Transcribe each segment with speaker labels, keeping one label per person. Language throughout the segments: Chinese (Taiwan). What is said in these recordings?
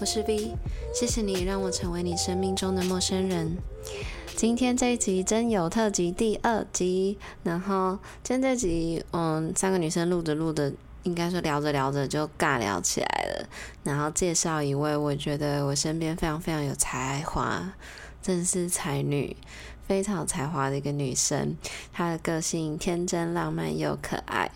Speaker 1: 我是 V，謝謝你讓我成為你生命中的陌生人。今天這一集徵友特輯第二集，然後今天這一集，嗯、哦，三個女生錄着錄着應該說聊着聊着就尬聊起來了。然後介紹一位，我覺得我身邊非常非常有才華，真是才女，非常有才華的一個女生。她的個性天真浪漫又可愛。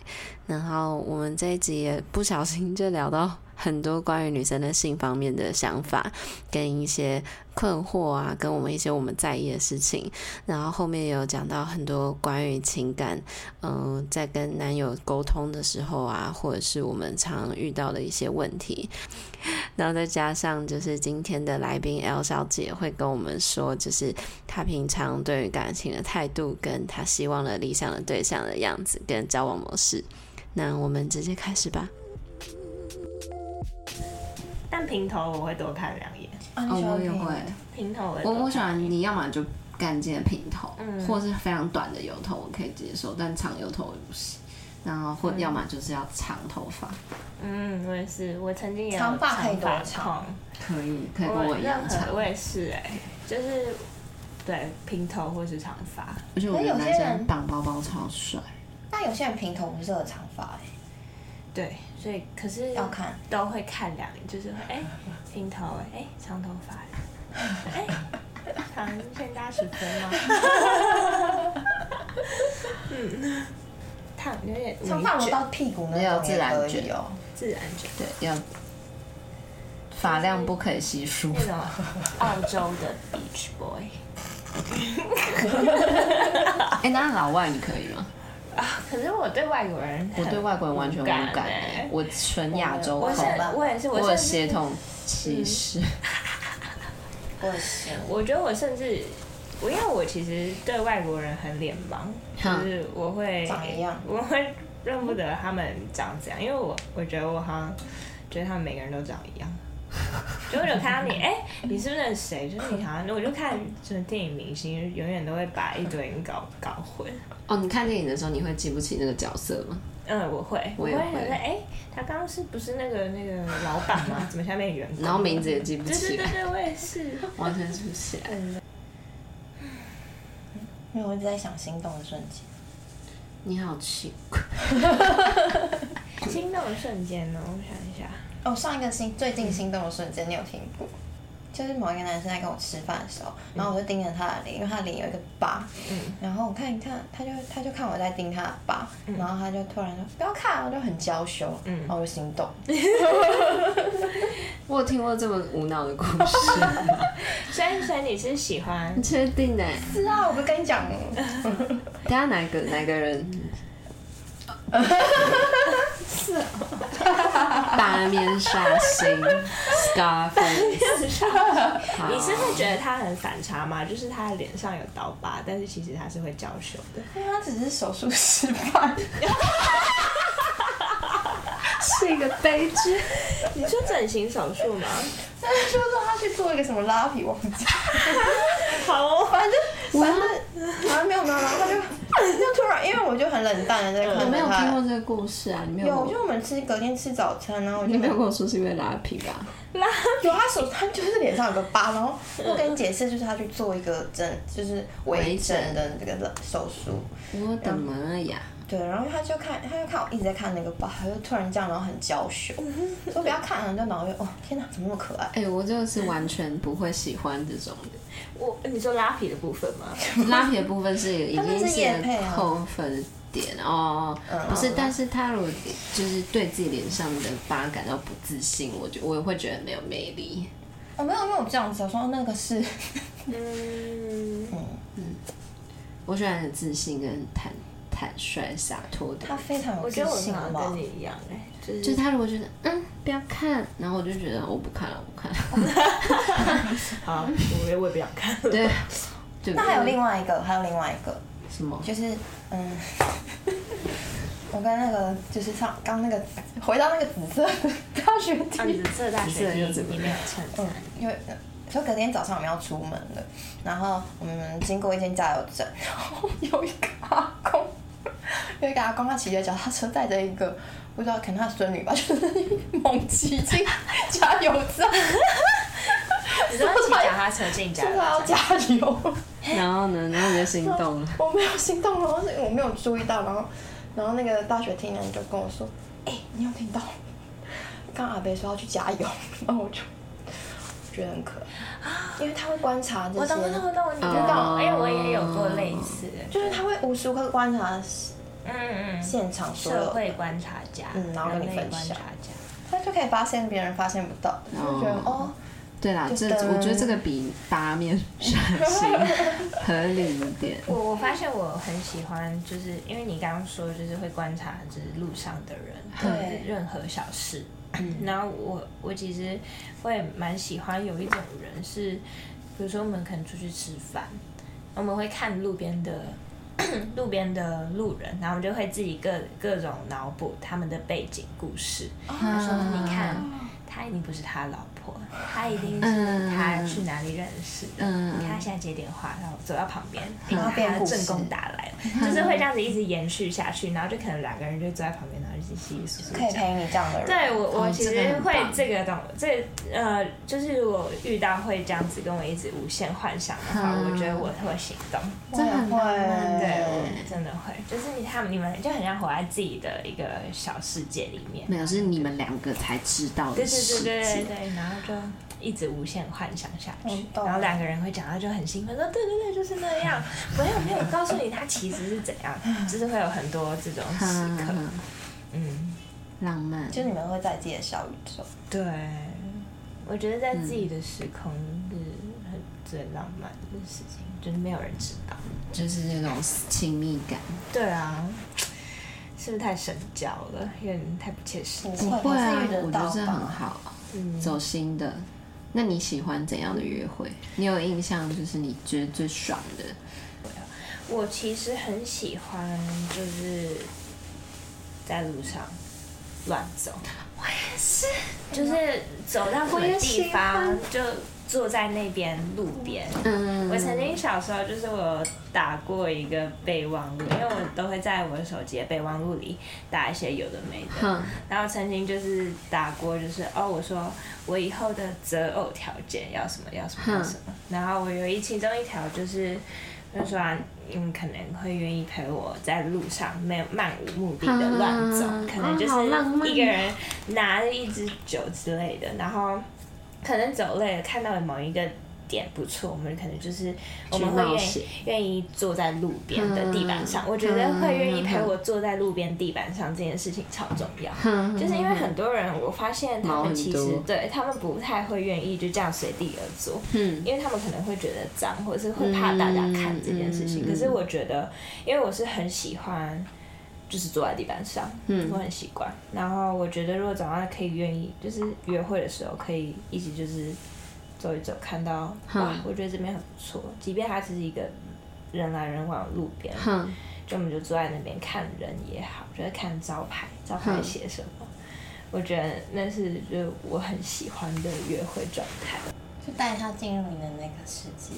Speaker 1: 然後我們這一集也不小心就聊到很多關於女生的性方面的想法跟，一些困惑啊，跟我們一些我們在意的事情，然後後面有講到很多關於情感，嗯、呃，在跟男友溝通的時候啊，或者是我們常遇到的一些問題，然後再加上就是今天的來賓 L 小姐會跟我們說，就是她平常對於感情的態度，跟她希望的理想的對象的樣子跟交往模式，那我們直接開始吧。但平頭我會多看兩眼，啊 OK, 哦、我也會平頭。我我喜歡你要麼就乾淨的平頭，或是非常短的油頭我可以接受，但長油頭不行。然後或、嗯、要麼就是要長頭髮。嗯，我也是，我曾經也長,頭長髮可以多長，可以可以跟我一樣長。我,我也是哎、欸，就是對平頭或是長髮。而且我覺得有些人綁包包超帥，但有,但有些人平頭不適合長髮哎、欸，對。所以可是要看，都會看兩，就是會哎，平、欸、桃哎，哎、欸、長頭髮哎，哎、 欸、長卷大水波嗎？ 嗯，燙有點從髮尾到屁股那要、喔、自然卷哦，自然卷對以要，髮量不可以稀疏。澳洲的 Beach Boy，哎、 欸，那老外你可以嗎？啊！可是我對外國人、欸、我對外國人完全無感、欸，哇我純亞洲我我也是，我我協同，歧視、嗯。我我覺得我甚至，我因為我其實對外國人很臉盲，就、嗯、是我會長一樣，我會認不得他們長怎樣，因為我我覺得我好像覺得他們每個人都長一樣。就有看到你，哎、欸，你是不是誰？就是你好像，我就看，就是電影明星，永遠都會把一堆人搞搞混。哦，你看電影的時候，你會記不起那個角色嗎？嗯，我會，我也會覺得。哎、欸，他剛剛是不是那個那個老闆嗎？怎麼下面有人？然後名字也記不起。對對對，我也是。完全記不起來。嗯。 因為我一直在想心動的瞬間。你好奇怪， 心動的瞬間呢？我想一下。我、哦、上一個心最近心動的瞬間，你，你有聽過？就是某一個男生在跟我吃飯的時候，然後我就盯着他的臉，嗯、因為他的臉有一個疤。嗯、然後我看一看，他就他就看我在盯他的疤，嗯、然後他就突然說：“不要看！”我就很嬌羞。嗯，然後我就心動。 我有聽過這麼無腦的故事。所以所以你是喜歡？你確定哎？是啊，我不跟你講了？ 等下哪個哪個人？哈哈哈！是， 大 面煞星 Scarface 你是會覺得他很反差嗎？就是他的臉上有刀疤，但是其實他是會嬌羞的。他只是手術失敗。是一個悲劇， 你說整形手術嗎？他說他去做一個什麼拉皮王家， 好、哦，反正反正 What? 反正沒有沒有，然後他就 就突然，因為我就很冷淡的在看他，嗯、我沒有聽過這個故事啊，你沒有？有，就我們吃隔天吃早餐，然後我就沒有，沒有跟我說是因為拉皮吧。拉皮有，他手，他就是臉上有個疤，然後我跟你解釋，就是他去做一個整，就是微整的這個手術。我的媽呀！對，然後他就看，他就看我一直在看那個疤，他就突然這樣，然後很嬌羞。嗯、哼我不要看啊，對就腦袋哦，天哪，怎麼那麼可愛？哎、欸，我就是完全不會喜歡這種的。 我、欸、你說拉皮的部分嗎？ 拉皮的部分是已經是扣分點哦，不是。嗯、但是他如果就是對自己臉上的疤感到不自信，我覺我也會覺得沒有魅力。哦，沒有，因為我這樣子時說、哦、那個是，嗯 嗯，嗯我喜歡很自信跟坦坦。坦率灑脫的，他非常有自信。我，我跟你一樣哎、欸，就是，就是他如果覺得嗯不要看，然後我就覺得我不看了，我不看了。 好，我也我也不想看。對。對 那還有另外一個，還有另外一個，什麼？就是嗯， 我跟那個就是上剛那個回到那個紫色大學弟，紫色大學弟有沒有穿？嗯，因為說隔天早上我們要出門了，然後我們經過一間加油站， 有一個阿公。因為剛剛他騎着腳踏車，帶着一個不知道可能他孫女吧，就是猛騎進加油站，騎着腳踏車進加油站要加油。然後呢？然後你就心動了？我沒有心動哦，然後是我沒有注意到。然後，然後那個大學聽的就跟我說：“哎、欸，你有聽到？剛阿伯說要去加油。”然後我就。認可，因為他會觀察這些。我懂，我懂，我懂，你知道，因為我也有做類似，就是他會無時無刻觀察，嗯，現場所有的，嗯嗯，社會觀察家，嗯、然後跟你分享，觀察家他就可以發現別人發現不到，oh. 就覺得哦。對啦，的這我覺得這個比八面善心合理一點。 我我發現我很喜歡，就是因為你剛剛說，就是會觀察就是路上的人，對，對任何小事。嗯、然後我我其實會蠻喜歡有一種人是，是比如說我們可能出去吃飯，我們會看路邊的路邊的路人，然後我們就會自己各各種腦補他們的背景故事。他、哦、說：“你看，他已經不是他老。”他一定是他去哪裡認識的？他現在接電話，然後走到旁邊，然後被他正宮打來就是會這樣子一直延續下去，然後就可能兩個人就坐在旁邊，然後一直細說。可以陪你這樣的人。對我，我其實會這個懂這呃，就是我遇到會這樣子跟我一直無限幻想的話，我覺得我會行動，真的會，對，真的會，就是他們你們就很像活在自己的一個小世界裡面，沒有是你們兩個才知道的對對對，然後就。一直無限幻想下去，嗯、然後兩個人會講到就很興奮，說對對對，就是那樣。沒有、嗯、沒有，告訴你，他其實是怎樣，嗯嗯、就是會有很多這種時刻，嗯，浪漫。就你們會在自己的小宇宙。對，我覺得在自己的時空是很最浪漫的事情，嗯、就是沒有人知道，就是那種親密感。對啊，是不是太神交了？有點太不切實際。不會、啊，我覺得是很好。嗯，走心的。那你喜歡怎樣的約會？你有印象，就是你覺得最爽的？我其實很喜歡，就是在路上亂走。我也是，就是走到不一樣的地方就。坐在那邊路邊，嗯，我曾經小時候就是我打過一個備忘錄，因為我都會在我的手機的備忘錄裡打一些有的沒的，嗯、然後曾經就是打過就是哦，我說我以後的擇偶條件要什麼要什麼、嗯、要什麼，然後我有一其中一條就是就說你們，啊嗯、可能會願意陪我在路上沒有漫無目的的亂走，嗯、可能就是一個人拿着一支酒之類的，嗯哦、的然後。可能走累了，看到某一個點不錯，我們可能就是我們會願意願意坐在路邊的地板上。嗯、我覺得會願意陪我坐在路邊地板上這件事情超重要，嗯、就是因為很多人、嗯、我發現他們其實對他們不太會願意就這樣隨地而坐，嗯，因為他們可能會覺得髒，或者是會怕大家看這件事情。嗯嗯、可是我覺得，因為我是很喜歡。就是坐在地板上，嗯、我很習慣。然後我覺得，如果早上可以願意，就是約會的時候，可以一直就是走一走，看到、嗯、哇，我覺得這邊很不錯。即便它只是一個人來人往的路邊，嗯、就我們就坐在那邊看人也好，就是看招牌，招牌寫什麼，嗯、我覺得那是就我很喜歡的約會狀態，就帶他進入你的那個世界。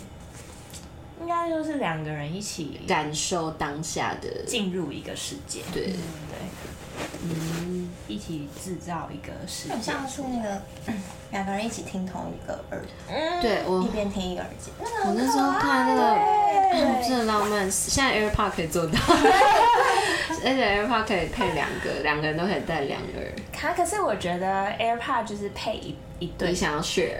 Speaker 1: 應該就是兩個人一起感受當下的，進入一個世界。對對，嗯，一起製造一個世界。像那個兩個人一起聽同一個耳，對我一邊聽一個耳機。我那時候看那個《真的浪漫》，現在 AirPod 可以做到，而且 AirPod 可以配兩個，兩個人都可以帶兩個。人。卡，可是我覺得 AirPod 就是配一。一對，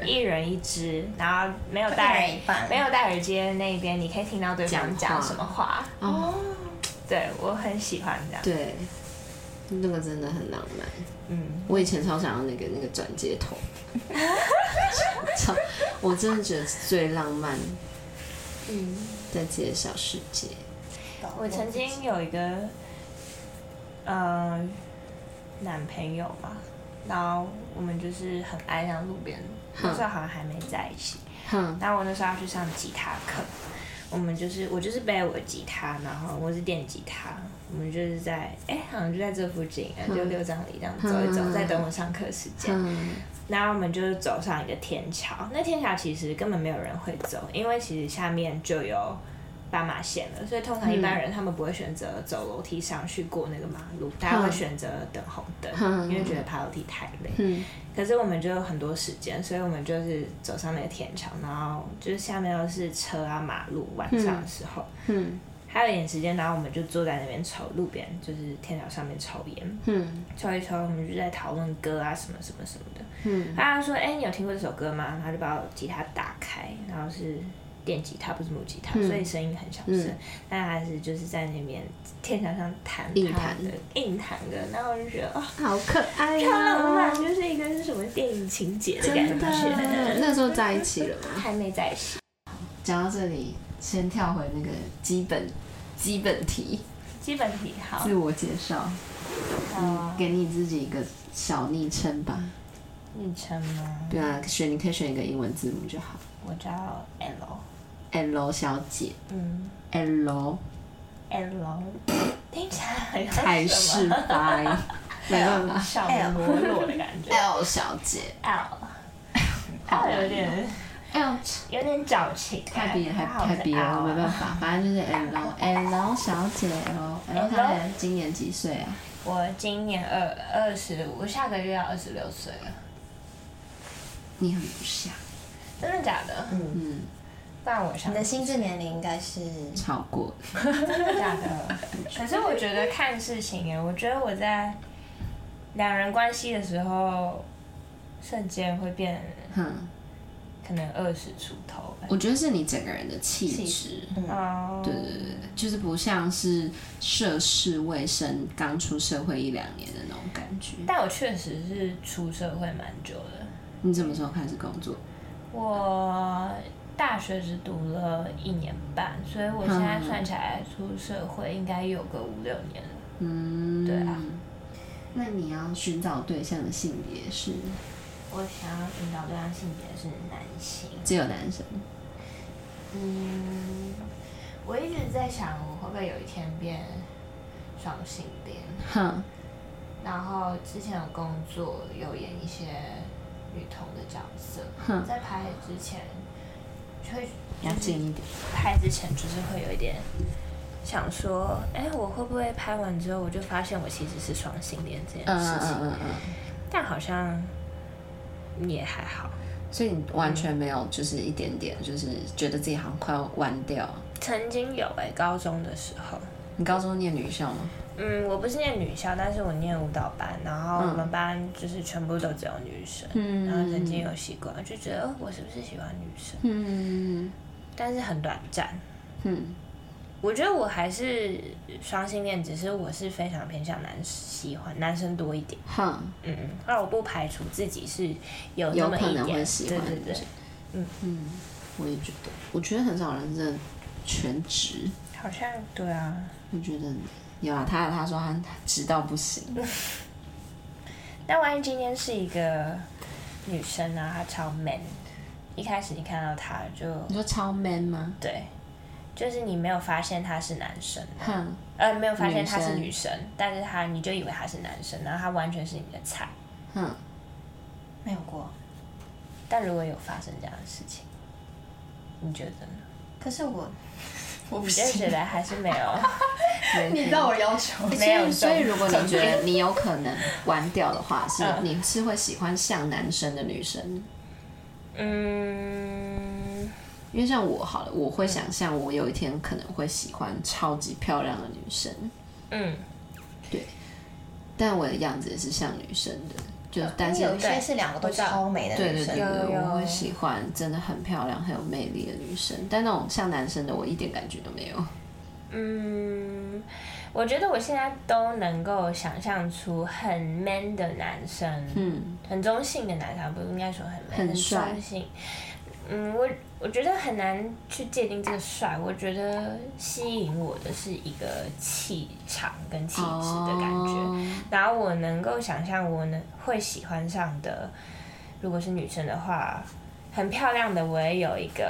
Speaker 1: 一人一隻，然後沒有戴，人沒有戴耳機的那一邊，你可以聽到對方講什麼話。哦，oh. 對我很喜歡這樣。對，那個真的很浪漫。嗯，我以前超想要那個那個轉接頭， 我真的覺得是最浪漫。嗯，在自己的小世界。我曾經有一個嗯、呃，男朋友吧。然後我們就是很愛上路邊，那時候好像還沒在一起。嗯，那我那時候要去上吉他課，嗯、我們就是我就是背我的吉他，然後我是電吉他，我們就是在哎，好像就在這附近，嗯、就六張犁這樣走一走，嗯、再等我上課時間。那、嗯、我們就是走上一個天橋，那天橋其實根本沒有人會走，因為其實下面就有。斑馬線了，所以通常一般人他們不會選擇走樓梯上去過那個馬路，嗯、大家會選擇等紅燈，嗯、因為覺得爬樓梯太累。嗯、可是我們就有很多時間，所以我們就是走上那個天橋，然後就是下面都是車啊、馬路。晚上的時候，嗯，嗯還有一點時間，然後我們就坐在那邊抽路邊，就是天橋上面抽煙，嗯，抽一抽，我們就在討論歌啊什麼什麼什麼的，嗯，然後他說：“哎、欸，你有聽過這首歌嗎？”他就把我吉他打開，然後是。電吉他不是木吉他，所以聲音很小聲。但還是就是在那邊天台上彈他的硬彈的，那我就覺得啊，好可愛，超浪漫，就是一個是什麼電影情節的感覺。真的，那時候在一起了嗎？還沒在一起。講到這裡，先跳回那個基本、基本題、基本題。好，自我介紹。嗯，給你自己一個小昵稱吧。昵稱嗎？對啊，選你可以選一個英文字母就好。我叫 L。L 小姐，嗯，L，L，聽起來還是什麼？沒有小裸裸的感覺。L 小姐，L，有點，有點矯情，太比還太比了，沒辦法，反正就是 L，L 小姐，L，L，她今年幾歲啊？我今年二二十五，下個月要二十六歲了。你很不像，真的假的？嗯嗯。但我，你的心智年齡應該是超過真的假的？可是我覺得看事情，哎，我覺得我在兩人關係的時候，瞬間會變，嗯，可能二十出頭、嗯。我覺得是你整個人的氣質，對、嗯、對對對，就是不像是涉世未深、剛出社會一兩年的那種感覺。但我確實是出社會蠻久的。你什麼時候開始工作？我。大學只讀了一年半，所以我現在算起來出社會應該有個五六年了。嗯，對啊。那你要尋找對象的性別是？我想要尋找對象性別是男性。只有男生？嗯，我一直在想我會不會有一天變雙性戀。哼、嗯。然後之前有工作，有演一些女同的角色。哼、嗯。在拍之前。嗯會要近一點，拍之前就是會有一點想說，哎、欸，我會不會拍完之後我就發現我其實是雙性戀這件事情？嗯嗯嗯嗯，但好像也還好，所以你完全沒有就是一點點就是覺得自己好像快要完掉、啊嗯。曾經有哎、欸，高中的時候，你高中念女校嗎？嗯，我不是念女校，但是我念舞蹈班，然後我們班就是全部都只有女生，嗯、然後曾經有習慣就覺得，我是不是喜歡女生？嗯，但是很短暫。嗯，我覺得我還是雙性戀，只是我是非常偏向男，喜歡男生多一點。嗯嗯，那、嗯、我不排除自己是有那麼一點能能喜歡對，對，對。對嗯嗯，嗯我也覺得，我覺得很少人在全職，好像對啊，我覺得？有啊，他他說他直到不行。 那萬一今天是一個女生呢、啊？她超 man。一開始你看到她，就，你說超 man 嗎？對，就是你沒有發現他是男生、啊，嗯哼，呃，沒有發現他是女生，女生，但是他你就以為他是男生，然後他完全是你的菜，哼，沒有過。但如果有發生這樣的事情，你覺得呢？可是我。我不覺得還是沒有， 你知道我要求且沒有。中所以如果你覺得你有可能玩掉的話，是、嗯、你是會喜歡像男生的女生。嗯，因為像我好了，我會想象，我有一天可能會喜歡超級漂亮的女生。嗯，對，但我的樣子也是像女生的。就但是有些是兩個都超美的女生。對，對對，對我喜歡，真的很漂亮，很有魅力的女生。但那種像男生的，我一點感覺都沒有。嗯，我覺得我現在都能夠想象出很 man 的男生，嗯，很中性的男生，不，應該說很 man, 很中帥性。嗯，我我覺得很難去界定這個帥。我覺得吸引我的是一個氣場跟氣質的感覺，oh. 然後我能夠想象，我能會喜歡上的，如果是女生的話，很漂亮的我也有一個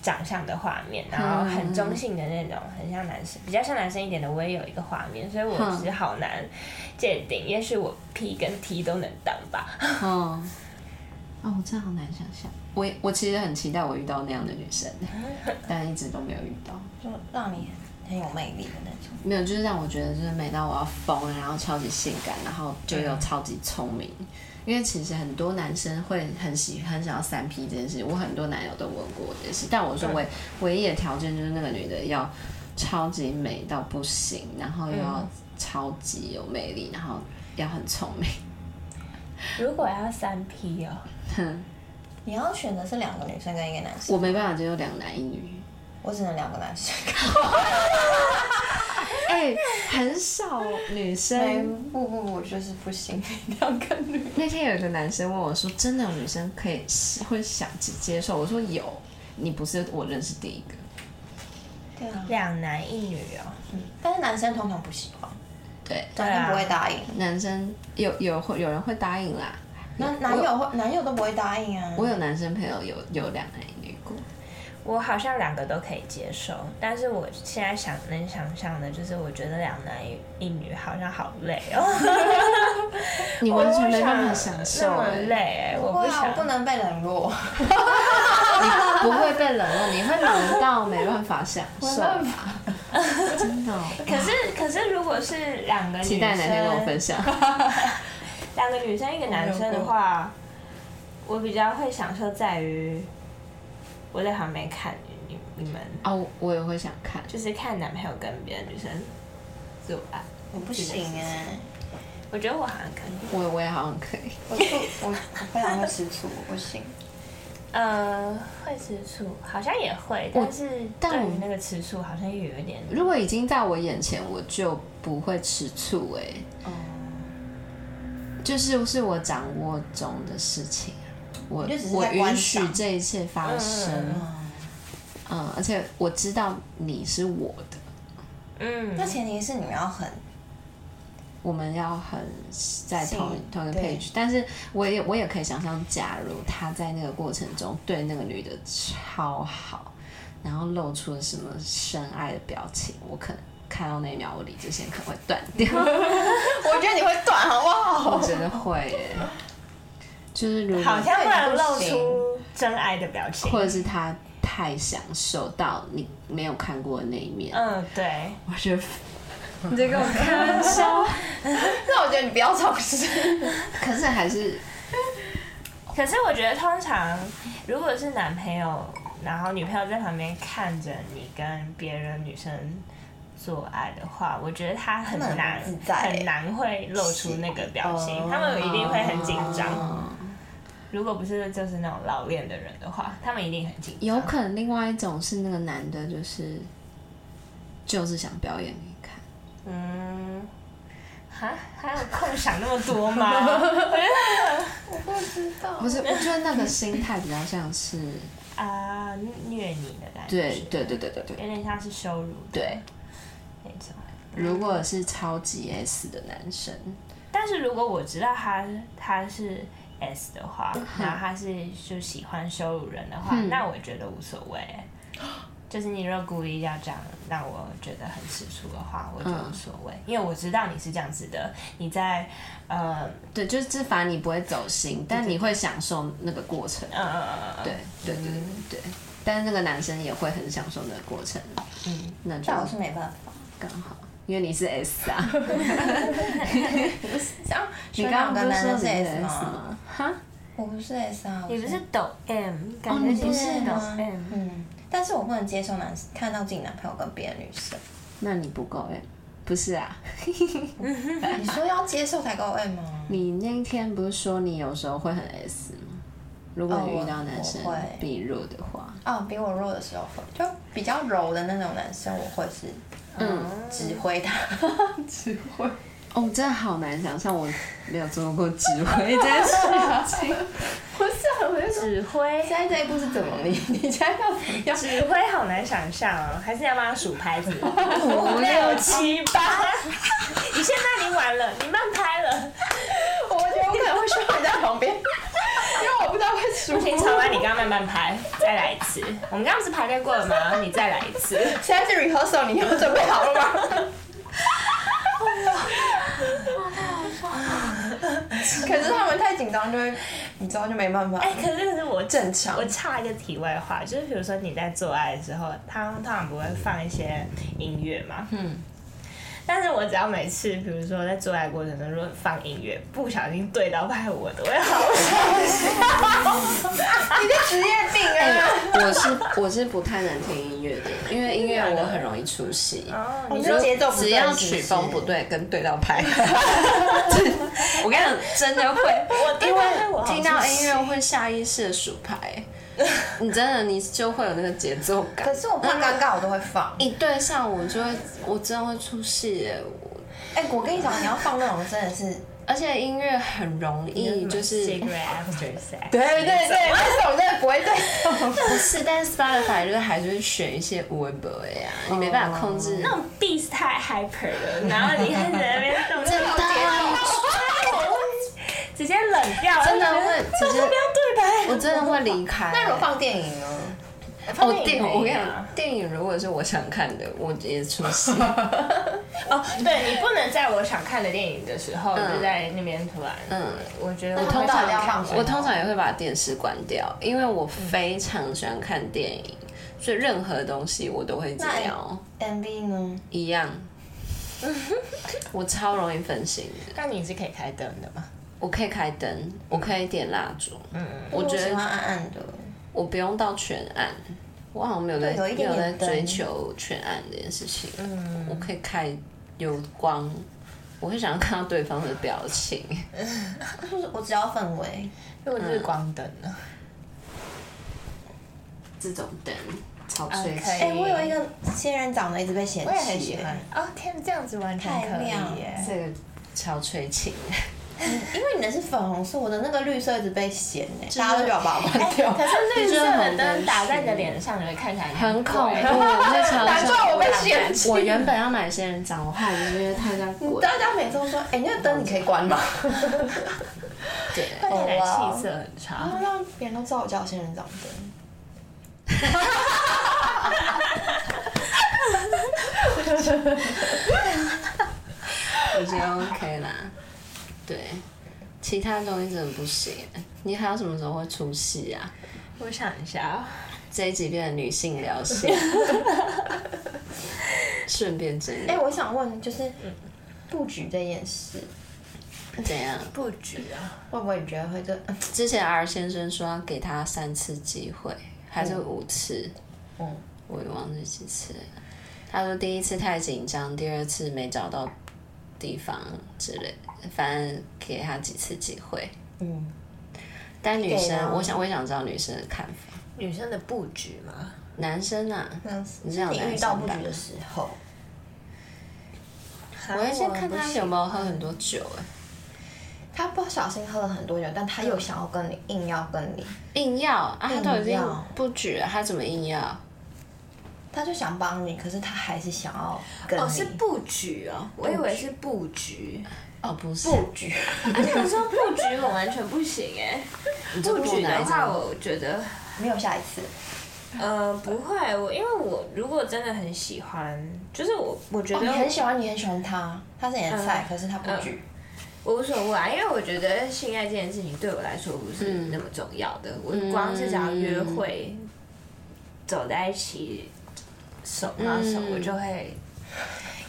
Speaker 1: 長相的畫面，hmm. 然後很中性的那種，很像男生，比較像男生一點的我也有一個畫面，所以我只好難界定，Huh. 也許我 P 跟 T 都能當吧。Oh. 哦，我、oh, 真的好難想象。我我其實很期待我遇到那樣的女生， 但一直都沒有遇到。就讓你很有魅力的那種。沒有，就是讓我覺得，就是美到我要瘋了，然後超級性感，然後就又超級聰明。對對對。因為其實很多男生會很喜很想要三 P 這件事，我很多男友都問過我這件事。但我說我唯，對唯一的條件就是那個女的要超級美到不行，然後又要超級有魅力，然後要很聰明。如果要三 P 哦，哼呵，你要選的是兩個女生跟一個男生，我沒辦法。只有兩男一女，我只能兩個男生。哎、 欸，很少女生，欸、不不不，就是不行，兩個女。那天有一個男生問我說：“真的有女生可以會想接接受？”我說：“有，你不是我認識第一個。”對啊，兩男一女哦，嗯，但是男生通常不喜歡。對，當然不會答應。男生有有會有人會答應啦，男男友會有男友都不會答應啊。我有男生朋友有，有有兩個人。我好像兩個都可以接受，但是我現在想能想象的，就是我覺得兩男一女好像好累哦。
Speaker 2: 你完全沒辦法享受、欸。我不想那麼累、欸，不啊、我不想，不能
Speaker 1: 被冷落。 你不會被冷落，你會冷到沒辦法享受。真的、哦？可是，可是如果是兩個女生，期待哪天跟我分享。兩 個女生一個男生的話，我，我比較會享受在於。我在旁邊看你，你們哦，我也會想看，就是看男朋友跟別的女生做愛。我不行哎，我覺得我好像可以。我我也好像可以，我我，我非常會吃醋，不 行。呃，uh，會吃醋好像也會，但是我，但我，對於那個吃醋好像又有一點點。如果已經在我眼前，我就不會吃醋哎。Oh. 就是是我掌握中的事情。我就是我允許這一切發生。啊，嗯，嗯，而且我知道你是我的，嗯，那前提是你們要很，我們要很在同同性一個 page，對但是我也我也可以想象假如他在那個過程中對那個女的超好，然後露出了什麼深愛的表情，我可能看到那一秒，我理智線可能會斷掉。 我覺得你會斷，好不好？我覺得會。欸。就是好像不能露出真愛的表情，或者是他太享受到你沒有看過的那一面。嗯，對，我覺得你在跟我開玩笑，那我覺得你不要這麼說。可是還是，可是我覺得通常如果是男朋友，然後女朋友在旁邊看着你跟別人女生做愛的話，我覺得他很難很難會露出那個表情，他們一定會很緊張。如果不是就是那種老練的人的話，他們一定很緊張。有可能另外一種是那個男的，就是就是想表演你看，嗯，啊，還有空想那麼多嗎？ 我？我不知道。不是，我覺得那個心態比較像是啊虐你的感覺。 對對對對對對，有點像是羞辱。對，那種、嗯、如果是超級 S 的男生，但是如果我知道他他是。S 的話，那他是就喜歡羞辱人的話，嗯、那我覺得無所謂。嗯、就是你若故意要這樣，讓我覺得很吃醋的話，我就無所謂，嗯、因為我知道你是這樣子的。你在呃，對，就是至少你不會走心，但你會享受那個過程。嗯嗯嗯嗯，對對，對對對對對。但是那個男生也會很享受那個過程。嗯，那我是沒辦法，剛好。因為你是 S 啊， 啊，你剛剛有跟男生是 S 嗎？哈，我不是 S 啊，你不是抖 M？感覺是你。哦，你不是嗎？嗯，但是我不能接受男生看到自己男朋友跟別的女生，那你不夠 M，不是啊？ 你說要接受才夠 M 嗎？你那天不是說你有時候會很 S 嗎？如果遇到男生比我弱的話，啊，哦哦，比我弱的時候會，就比較柔的那種男生，我會是。
Speaker 2: 嗯，oh. 指揮
Speaker 1: 他， 指揮揮。哦，oh, 真的好難想象，我沒有做過指揮，真的。這件事情我是很會指揮。 指揮揮，現在這一步是怎麼？你你家要怎樣指揮，好難想象啊、哦，還是要幫他數拍子？ 五六七八。 你現在你完了，你慢拍了。 我覺得你可能會需你在旁邊。 抒情超慢，你剛剛慢慢拍，再來一次。 我們剛剛不是排練過了嗎？ 你再來一次。現在是 rehearsal，你有準備好了嗎？可是他們太緊張，就會你知道就沒辦法。哎、欸，可是這是我正常。我差一個題外話，就是比如說你在做愛的時候，他們不會放一些音樂嘛？嗯。但是我只要每次，比如說在做愛過程中，如果放音樂，不小心對到拍，我的，我也好傷心。你這職業病啊！欸！我是我是不太能聽音樂的，因為音樂我很容易出戲。你說節奏只要曲風不對，跟對到拍、嗯嗯呵。我跟你講，真的會，我，我因為聽到音樂會下意識的數拍。你真的，你就會有那個節奏感。可是我怕尷尬，我都會放。一對上我就會，我真的會出戲。哎，我跟你講，你要放那種真的是，而且音樂很容易就是。Cigarettes After Sex。對對對，為什麼我真的不會對？不是，但是 Spotify 就還是選一些 Webber 呀，你沒辦法控制。那種 beat 太 hyper 了，然後你還在那邊動，真的。直接冷掉，真的會，真的不要對白。我真的會離開。那如果放電影呢？放電影，我跟你講，電影如果是我想看的，我也出戲。哦，對，你不能在我想看的電影的時候就在那邊突然。嗯，我覺得我通常我通常也會把電視關掉，因為我非常喜歡看電影，所以任何東西我都會這樣。MV 呢？一樣。我超容易分心的。但你是可以開燈的嗎？我可以開燈，嗯、我可以點蠟燭。嗯，我我喜歡暗暗的。我不用到全暗，我，暗暗我好像沒有在有點點沒有在追求全暗這件事情。嗯，我可以開有光，我會想要看到對方的表情。嗯、我只要氛圍，因為我就是光燈呢、嗯？這種燈超催情。哎、啊欸，我有一個仙人掌的，一直被嫌棄、欸。我也很喜歡。哦天，這樣子完全可以太亮妙耶！這個超催情。嗯、因為你的是粉紅色，我的那個綠色一直被嫌、欸、大家都就要把我關掉。可是綠色的燈打在你的臉上，你會看起來很，很恐怖。我難怪我被嫌棄。我原本要買仙人掌，我後來就覺得太像鬼。大家每次都說，哎、欸，那個燈你可以關嗎？對，看起來氣色很差。然後哇讓別人都知道我叫我仙人掌燈。我覺得 OK 啦。對，其他東西真的不行。你還有什麼時候會出戲啊？我想一下、哦，這一集變女性聊性，順 便真人。哎、欸，我想問，就是布局這件事，怎樣布局啊？會不會你覺得會？這？之前 R 先生說，要給他三次機會，還是五次？嗯，我也忘記幾次。他說第一次太緊張，第二次沒找到。地方之類，反正給他幾次機會。嗯，但女生，吧我想我也想知道女生的看法。女生的不舉嘛？男生啊，那你這樣男你遇到不舉的時候，才我要先看他有沒有喝很多酒、欸。哎、嗯，他不小心喝了很多酒，但他又想要跟你、嗯、硬要跟你，硬要啊！他都已經不舉了，他怎麼硬要？他就想幫你，可是他還是想要哦，是布局哦，局我以為是布局哦，不是布局。 而且你說布局我完全不行哎，
Speaker 2: 布局的話，我
Speaker 1: 覺得沒有下一次。呃，不會，我因為我如果真的很喜歡，就是我我覺得、那個哦、你很喜歡，你很喜歡他，他是你的菜，嗯、可是他布局，我、嗯嗯、無所謂啊，因為我覺得性愛這件事情對我來說不是那麼重要的，嗯、我光是想要約會、嗯、走在一起。手拉手，嗯、我就會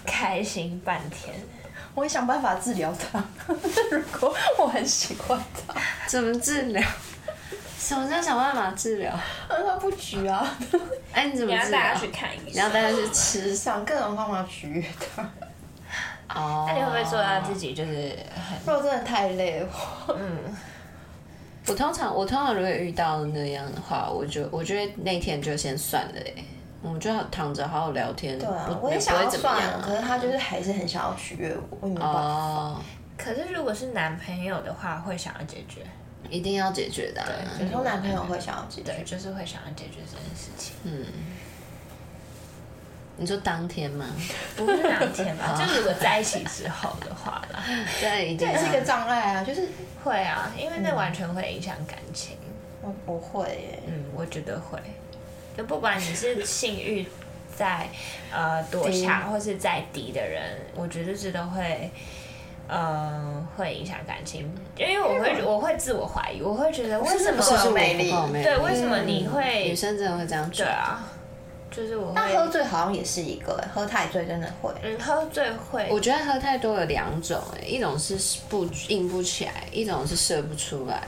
Speaker 1: 開心半天。我會想辦法治療他。 如果我很喜歡他，怎麼治療？什麼叫想辦法治療、 啊。他不舉啊！哎、啊，你怎麼治？大家去看一下然後帶他去吃上各種方法取悅他。哦、 啊，那你會不會說他自己就是很？如果真的太累的話，嗯，我通常我通常如果遇到那樣的話，我就我覺得那天就先算了哎、欸。我們就要躺着好好聊天，對啊，我也想要怎麼樣。可是他就是還是很想要取悅我。哦，可是如果是男朋友的話，會想要解決，一定要解決的。你說男朋友會想要解決，就是會想要解決這件事情。嗯，你說當天嗎？不是當天吧，就是如果在一起之後的話啦。對，這是一個障礙啊，就是會啊，因為那完全會影響感情。我不會，嗯，我覺得會。就不管你是性欲在 呃多下或是再低的人，低我覺得這都會呃會影響感情，因為我會為我,我會自我懷疑，我會覺得為什麼沒有魅力？對，為什麼你會女生真的會這樣？嗯、對啊，就是我會。那喝醉好像也是一個，嗯、喝太醉真的會，嗯，喝醉會。我覺得喝太多有兩種，一種是不硬不起來，一種是射不出來。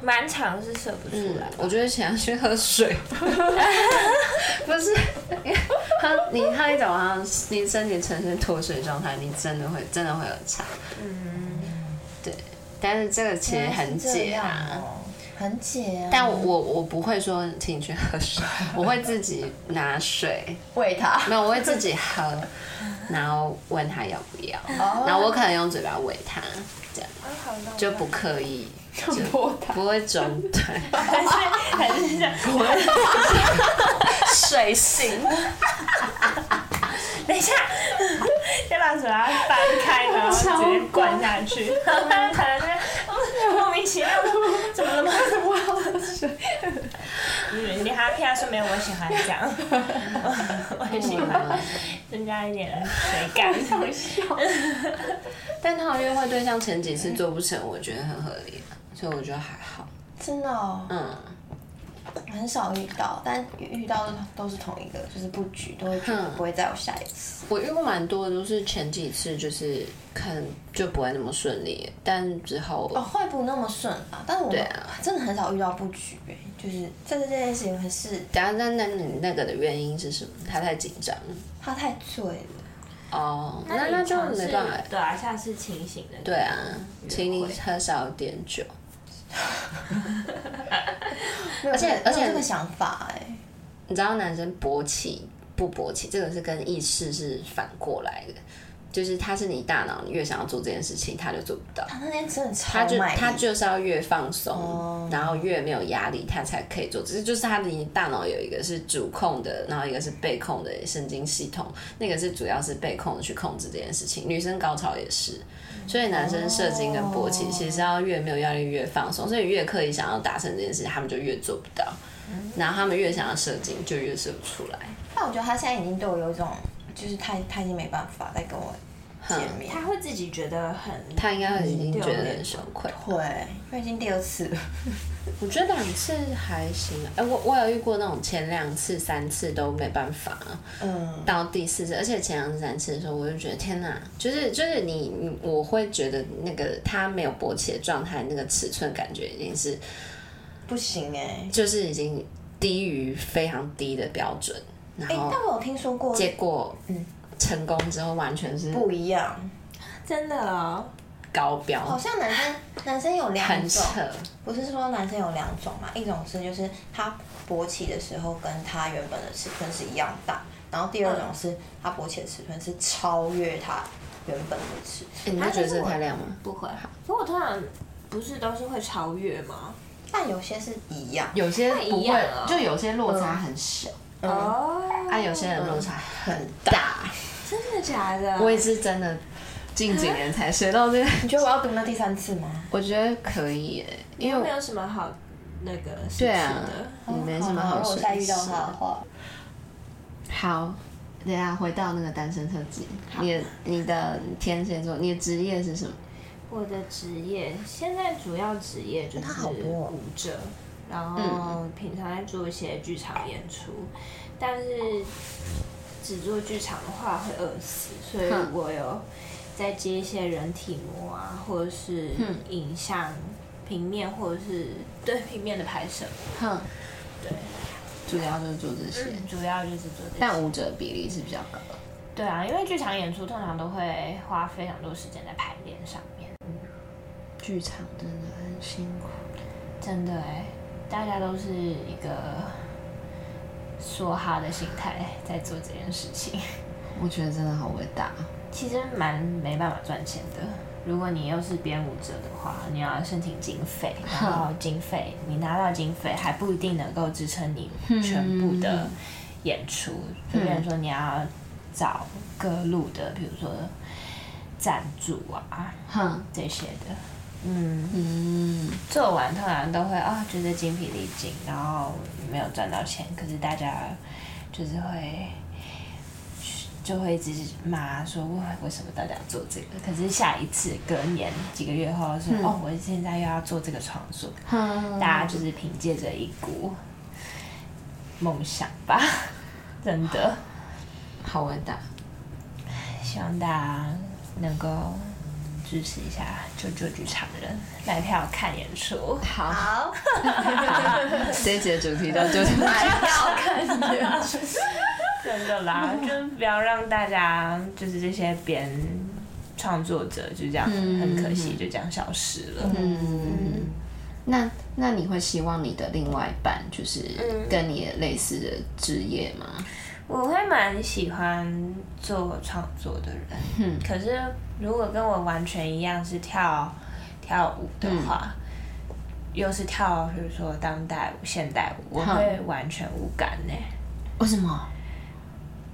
Speaker 1: 滿場是射不出來，嗯，我覺得想要去喝水， 不是，你喝一早上，你身體呈現脫水狀態，你真的會真的會有差。嗯，對，但是這個其實很解啊，啊哦、很解啊，但我我，我不會說請你去喝水， 我會自己拿水餵它他，沒有，我會自己喝， 然後問它要不要，哦啊、然後我可能用嘴巴餵它這樣，啊、就不刻意。不會裝胎，還是還是這樣，水性。等一下，先把水把它翻開，然後直接灌下去。翻哈哈！莫名其妙，怎麼怎麼怎麼？水你哈皮啊，說明我喜歡講，我我喜歡，增加一點水感，想笑。但他約會對象前幾次是做不成，我覺得很合理。所以我覺得還好，真的，哦。嗯，很少遇到，但遇到的都是同一個，就是布局都會不會再有下一次。嗯、我遇過蠻多的，都是前幾次就是看就不會那麼順利，但之後哦會不那麼順啊，但我對啊，真的很少遇到布局哎、欸，就是在這件事情還是。等下，那那你那個的原因是什麼？他太緊張，他太醉了。哦，那那就沒辦法、欸。對啊，下次清醒的。對啊，請你喝少點酒。
Speaker 2: 而且 有而且，而且這個
Speaker 1: 想法哎，你知道男生勃起不勃起，這個是跟意識是反過來的。就是他是你大腦，你越想要做這件事情，他就做不到。他、啊、那天真的他就他就是要越放鬆，oh. 然後越沒有壓力，他才可以做。只是就是他的大腦有一個是主控的，然後一個是被控的神經系統，那個是主要是被控的去控制這件事情。女生高潮也是，oh. 所以男生射精跟勃起其實要越沒有壓力越放鬆，所以越刻意想要達成這件事情，他們就越做不到。Oh. 然後他們越想要射精，就越射不出來。但我覺得他現在已經對我有一種。就是他他已經沒辦法再跟我見面，嗯，他會自己覺得很他應該已經覺得很羞愧，嗯，對，因為已經第二次了， 我覺得兩次還行，啊，哎、欸，我我有遇過那種前兩次三次都沒辦法，嗯，到第四次，嗯，而且前兩次三次的時候，我就覺得天哪，就是就是你你我會覺得那個他沒有勃起的狀態，那個尺寸感覺已經是不行哎，欸，就是已經低於非常低的標準。哎，但我有聽說過。結果，嗯，成功之後，完全是不一樣，真的啊。高標。好像男生男生有兩種，不是說男生有兩種嘛？一種是就是他勃起的時候跟他原本的尺寸是一樣大，然後第二種是他勃起的尺寸是超越他原本的尺寸。你就覺得這太亮嗎？不會，不過通常不是都是會超越嗎？但有些是一樣，有些不會，就有些落差很小。嗯、哦，啊，有些人落差很大。嗯，真的假的？我也是真的，近幾年才學到這個、啊。 你覺得我要讀到第三次嗎？我覺得可以，欸，因為，因為沒有什麼好那個，對啊，你、哦、沒什麼好說的、哦好好。好，我再遇到他的話，好，等一下回到那個單身特輯，好你的你的天蠍座，你的職業是什麼？我的職業現在主要職業就是骨折。嗯然後平常在做一些劇場演出，嗯、但是只做劇場的話會餓死，所以我有在接一些人體模啊，嗯、或者是影像平面，或者是對平面的拍攝。哼、嗯，對主、嗯，主要就是做這些，主要就是做這些。但舞者比例是比較高的。對啊，因為劇場演出通常都會花非常多時間在排練上面。嗯、劇場真的很辛苦，真的哎、欸。大家都是一個梭哈的心態在做這件事情，我覺得真的好偉大。其實蠻沒辦法賺錢的。如果你又是編舞者的話，你要申請經費，然後經費、嗯、你拿到經費還不一定能夠支撐你全部的演出，嗯、就比如說你要找各路的，比如說贊助啊，嗯、這些的。嗯嗯，做完通常都會啊覺得精疲力盡，然後沒有賺到錢。可是大家就是會就會一直罵說，為為什麼大家要做這個？可是下一次隔年幾個月後說，哦，我現在又要做這個創作。嗯、大家就是憑借着一股夢想吧，真的好偉大，啊、希望大家能夠。支持一下，就就劇場人買票看演出。好，這一集主題到就就買票看演出，真的啦， 就不要讓大家，就是這些編創作者就這樣、嗯、很可惜就這樣消失了。嗯，嗯，那那你會希望你的另外一半就是跟你的類似的職業嗎？嗯、我會蠻喜歡做創作的人，嗯、可是。如果跟我完全一樣是跳跳舞的話，嗯、又是跳，比如說當代舞、現代舞，嗯、我會完全無感呢、欸。為什麼？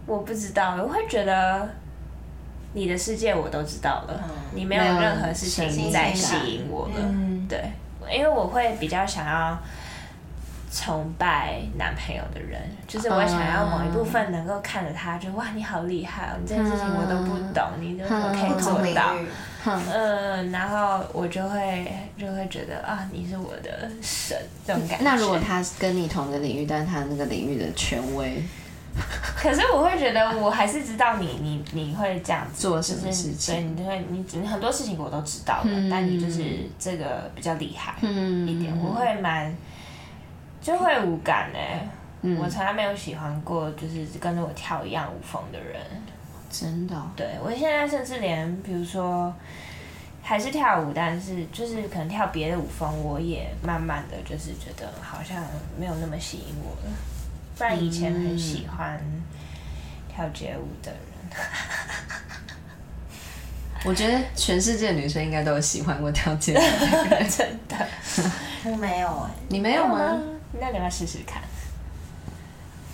Speaker 1: 我不知道，我會覺得你的世界我都知道了，嗯、你沒有任何事情在吸引我了。嗯、對，因為我會比較想要。崇拜男朋友的人，就是我想要某一部分能夠看着他，uh, 就哇，你好厲害哦！你這件事情我都不懂，uh, 你都可以做到，同理，嗯，嗯然後我就會就會覺得啊，你是我的神這種感覺。那如果他跟你同個領域，但他那個領域的權威， 可是我會覺得我還是知道你，你你會這樣做什麼事情？所以你就會你很多事情我都知道的，嗯、但你就是這個比較厲害一點，嗯、我會蠻。就會無感呢、欸。嗯、我從來沒有喜歡過，就是跟着我跳一樣舞風的人，真的、哦。對我現在甚至連，比如說還是跳舞，但是就是可能跳別的舞風，我也慢慢的就是覺得好像沒有那麼吸引我了。不然以前很喜歡跳街舞的人，嗯、 我覺得全世界女生應該都有喜歡過跳街舞的人。 真的。 我沒有哎，你沒有嗎？嗯那你要不要試試看，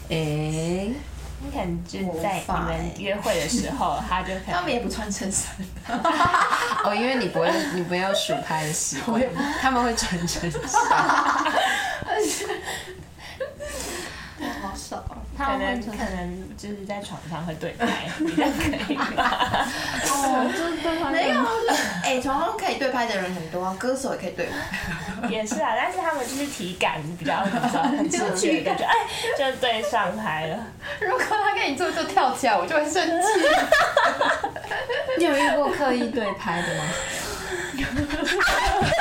Speaker 1: 哎，A, 你看，就在你們約會的時候，oh, fine. 他就可以他們也不穿襯衫， 哦，因為你不會，你不要數拍的時候， 他們會穿襯衫。 可能可能就是在床上會對拍，沒有 哎、就是欸，床上可以對拍的人很多，啊，歌手也可以對拍，也是啊，但是他們就是體感比較 很準確，感覺哎，就對上拍了。如果他跟你做一做跳起來，我就會生氣。 你有遇過刻意對拍的嗎？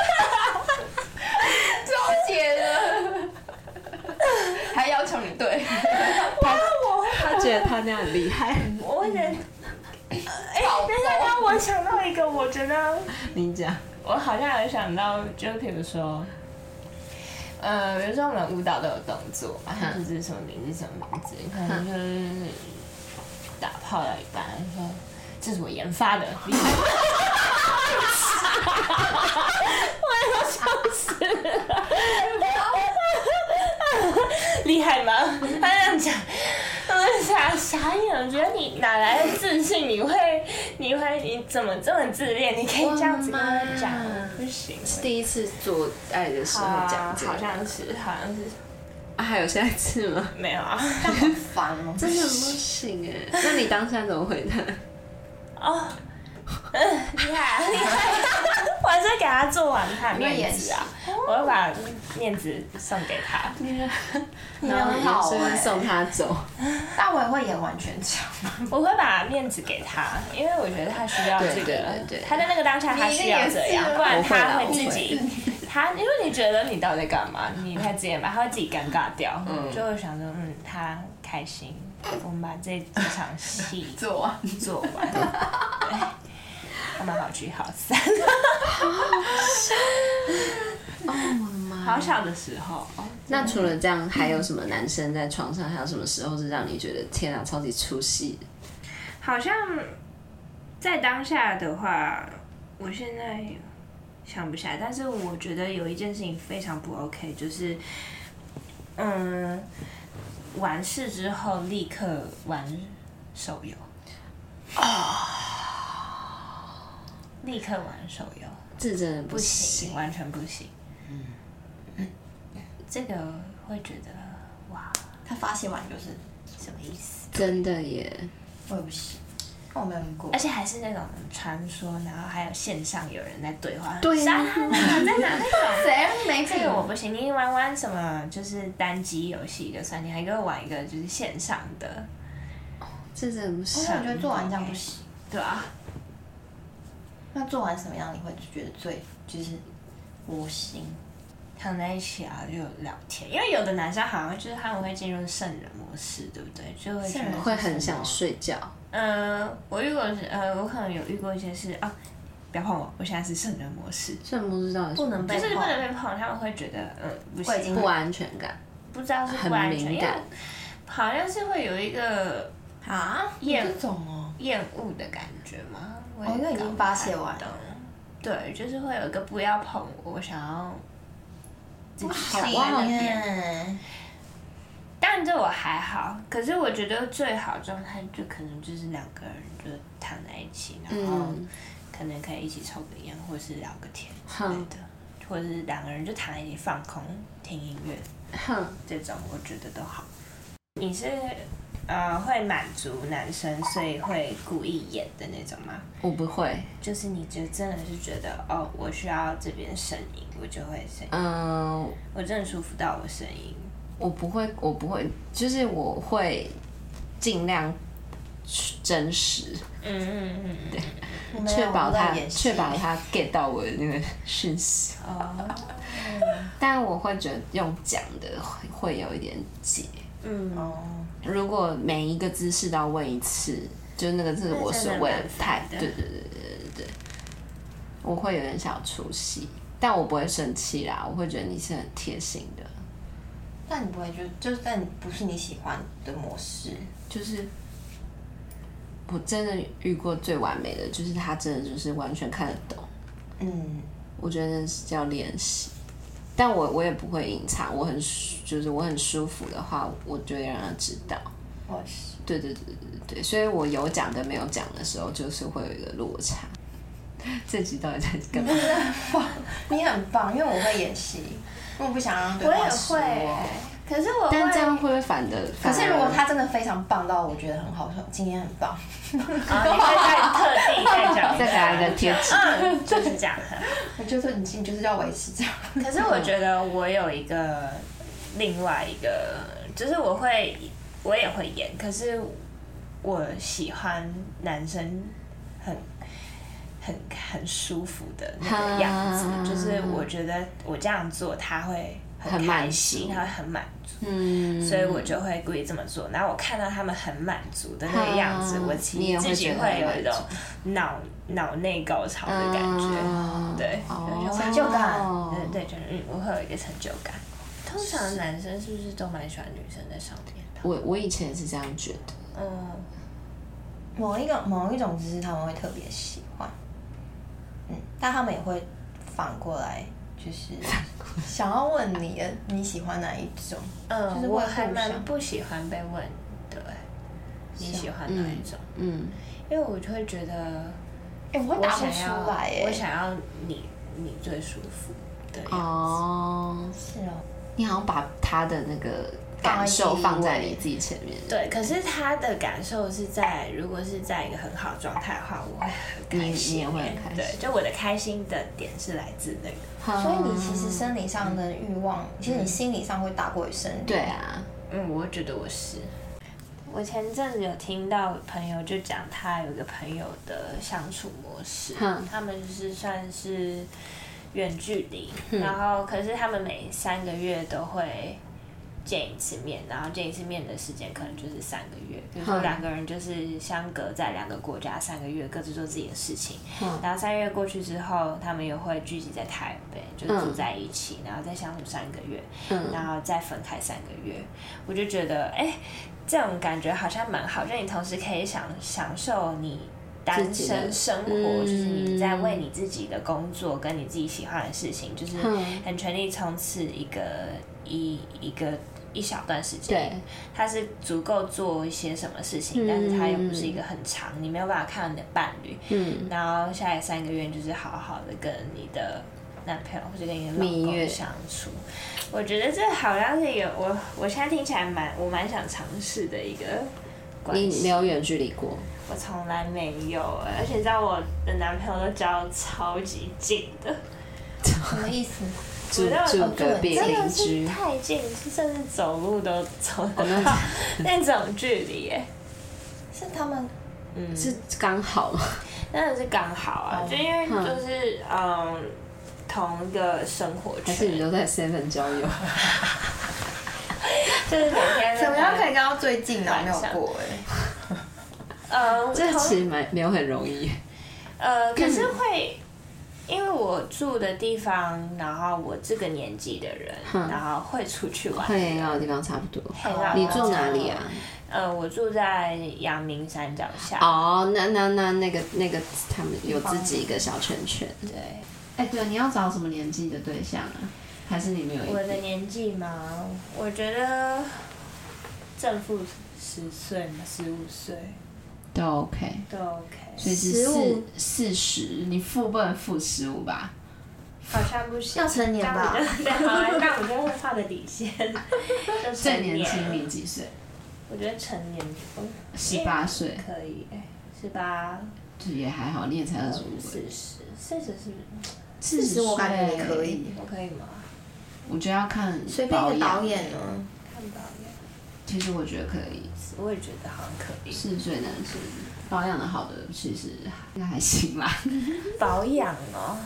Speaker 1: 他這樣很厲害。我有點。哎、 欸，等一下，剛剛我想到一個，我覺得。你講講，我好像有想到，就譬如說，呃，比如說我們舞蹈都有動作吧，這、嗯、是什麼名字？嗯、什麼名字？你看、嗯，就是，打炮了一半，說這是我研發的，哈哈 我笑死了，厲 害嗎？他這樣講。我傻傻眼，我覺得你哪來的自信？你會，你會，你怎麼這麼自戀？你可以這樣子跟他講，媽不行。是第一次做愛的時候講。啊，好像是，好像是。啊啊，還有下一次嗎？沒有啊，太煩了，真的 不行哎、欸。那你當下怎麼回答？啊。 oh. 嗯，厲害，厲害！我還是給他做完，他面子啊，我會把面子送給他。你很好，我會送他走。大偉會演完全場嗎？我會把面子給他，因為我覺得他需要這個。對，他在那個當下，他需要這樣，不然他會自己。他，因為你覺得你到底在幹嘛？你太直接嘛，他會自己尷尬掉，就會想着嗯，他開心，我們把這這場戲做完，做完。他們好聚好散，哦，我的媽！好小的時候，那除了這樣，還有什麼男生在床上，還有什麼時候是讓你覺得天啊，超級出戲？好像在當下的話，我現在想不起來。但是我覺得有一件事情非常不 OK，就是嗯，完事之後立刻玩手遊。啊！Oh. 立刻玩手遊，這真的不行，完全不行。嗯，這個會覺得哇，他發洩完，就是什麼意思？真的耶，我也不行，我沒有玩過，而且還是那種傳說，然後還有線上有人在對話，對呀，在那種誰呀？這個我不行，你玩玩什麼，就是單機遊戲就算，你還給我玩一個就是線上的，這這不行，我覺得做完這樣不行，對吧？那做完什麼樣你會覺得最就是窩心？躺在一起啊，就有聊天。因為有的男生好像就是他們會進入聖人模式，對不對？就會覺得會很想睡覺。呃，我遇過呃，我可能有遇過一些事啊，不要碰我，我現在是聖人模式。聖人模式到底是不能被碰，就是不能被碰，他們會覺得嗯、呃、不行，不安全感，不知道是不安全，感。好像是會有一個啊厭驗這種厭、啊、惡的感覺嗎？我已經發洩完了，哦、完了對，就是會有一個不要碰我，我想要，不行。當然這我還好，可是我覺得最好狀態就可能就是兩個人就躺在一起，然後可能可以一起抽個菸，或是聊個天，嗯、對的，或者是兩個人就躺在一起放空聽音樂，嗯、這種我覺得都好。你是？呃，會滿足男生，所以會故意演的那種嗎？我不會，就是你覺得真的是覺得哦，我需要這邊聲音，我就會聲音。嗯、呃，我真的舒服到我聲音。我不會，我不會，就是我會盡量真實。嗯嗯嗯對，確有保他確、嗯、保他 get 到我的那個訊息。嗯、 但我會覺得用講的會會有一點解。嗯、哦如果每一個姿勢都要問一次，就那個字我是問得太，對對對對對，我會有點小出息，但我不會生氣啦，我會覺得你是很貼心的。但你不會覺得，就是但你不是你喜歡的模式，就是我真的遇過最完美的，就是他真的就是完全看得懂。嗯，我覺得那是叫練習。但我我也不會隱藏，我很就是我很舒服的話，我就會讓他知道。哇塞！對對對對對，所以我有講跟沒有講的時候，就是會有一個落差。這集到底在跟、嗯嗯嗯嗯、你很棒，因為我會演戲，因為我不想讓對方失可是我，但這樣會不會煩的？可是如果他真的非常棒到，我覺得很好，嗯、今天很棒。太、 啊、特地，再改個天氣。嗯，就是這樣。嗯、我覺得你，你就是要維持這樣。可是我覺得我有一個 另外一個，就是我會我也會演，可是我喜歡男生很很很舒服的那個樣子， 就是我覺得我這樣做他會。很開心，他會很滿足，嗯，所以我就會故意這麼做。然後我看到他們很滿足的那個樣子，我其實自己會有一種腦腦內高潮的感覺，對，成就感，對，對就是，我會有一個成就感。通常男生是不是都蠻喜歡女生在上面？我我以前也是這樣覺得，嗯，某一個某一種姿勢他們會特別喜歡，嗯，但他們也會反過來。就是想要問你，你喜歡哪一種？嗯，就是我很不喜歡被問，對。你喜歡哪一種？嗯，嗯因為我就會覺得，哎，我想要，欸我，欸、我想要你，你最舒服的樣子，對。哦，oh, 是哦。你好像把他的那個。感受放在你自己前面，對。可是他的感受是在，如果是在一個很好狀態的話，我會很開心。你也會很開心。就我的開心的點是來自那個，嗯、所以你其實生理上的欲望，嗯、其實你心理上會大過於生理。對啊，嗯，我覺得我是。我前陣子有聽到朋友就講，他有一個朋友的相處模式，嗯、他們就是算是遠距離，嗯、然後可是他們每三個月都會。見一次面，然後見一次面的時間可能就是三個月。比如說兩個人就是相隔在兩個國家，三個月各自做自己的事情。嗯、然後三個月過去之後，他們又會聚集在台北，就住在一起，嗯、然後再相處三個月，嗯、然後再分開三個月。我就覺得，哎、欸，這種感覺好像蠻好，就你同時可以享享受你
Speaker 2: 單身生活，嗯、就是你
Speaker 1: 在為你自己的工作跟你自己喜歡的事情，就是很全力衝刺一個一、嗯、一個。一小段時間，對它是足夠做一些什麼事情，嗯、但是它又不是一個很長，你沒有辦法看到你的伴侶。嗯、然後下來三個月就是好好的跟你的男朋友或者跟你的蜜月相處。月我覺得這好像是一個我，我現在聽起來蠻我蠻想嘗試的一個關係。你沒有遠距離過？我從來沒有，而且在我的男朋友都交超級近的，什麼意思？
Speaker 2: 住隔壁鄰居
Speaker 1: 太近，甚至走路都走那種距離耶。是他們？嗯，是剛好嗎？真的是剛好啊！就因為就是嗯，同一個生活區。還是你都在 Seven 交友？就是每天怎麼樣可以跟到最近啊？沒有過哎。嗯，這其實沒沒有很容易。呃，可是會。因為我住的地方，然後我這個年紀的人，哼然後會出去玩。會、啊，的地方差不多。哦、你住哪裡啊？呃，我住在陽明山腳下。哦，那那那那個那個，他們有自己一個小圈圈。對。哎、欸，對，你要找什麼年紀的對象啊？還是你沒有？我的年紀嘛，我覺得正負十歲嘛，十五歲都 OK，都 OK。都 okay 十五、四十，你負不能負十五吧？好像不行。要成年吧？但我覺得會畫的底線就是。最年輕你幾歲？我覺得成年。十八歲。可以，哎，十八。這也還好，你也才二十五。四十，四十是四十，我感覺可以，我可以嗎？我覺得要看導演。隨便的導演呢？看導演。其實我覺得可以。我也覺得好像可以。四十歲男生。保養的好的其實應該還行啦。 保養哦，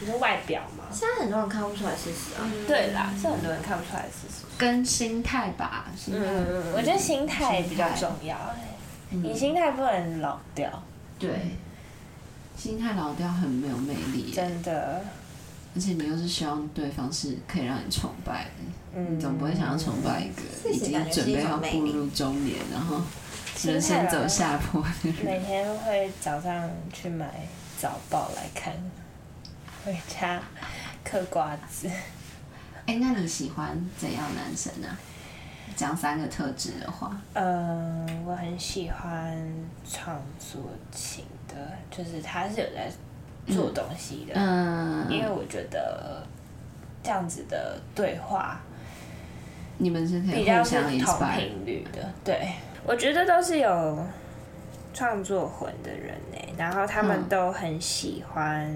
Speaker 1: 不是外表嗎？現在很多人看不出來，事實啊，嗯、對啦，嗯、是很多人看不出來，事實跟心態吧。是、嗯、我覺得心態比較重要、欸。你心態態不能老掉。嗯、對。心態老掉很沒有魅力、欸。真的。而且你又是希望對方是可以讓你崇拜的，嗯，你總不會想要崇拜一個自己自己已經準備要步入中年，然後。人生走下坡。每天會早上去買早報來看，回家嗑瓜子。哎、欸，那你喜歡怎樣男生呢？講三個特質的話，嗯，我很喜歡創作型的，就是他是有在做東西的，嗯，嗯，因為我覺得這樣子的對話，你們可以比較是同頻率的，對。我覺得都是有創作魂的人呢、欸，然後他們都很喜歡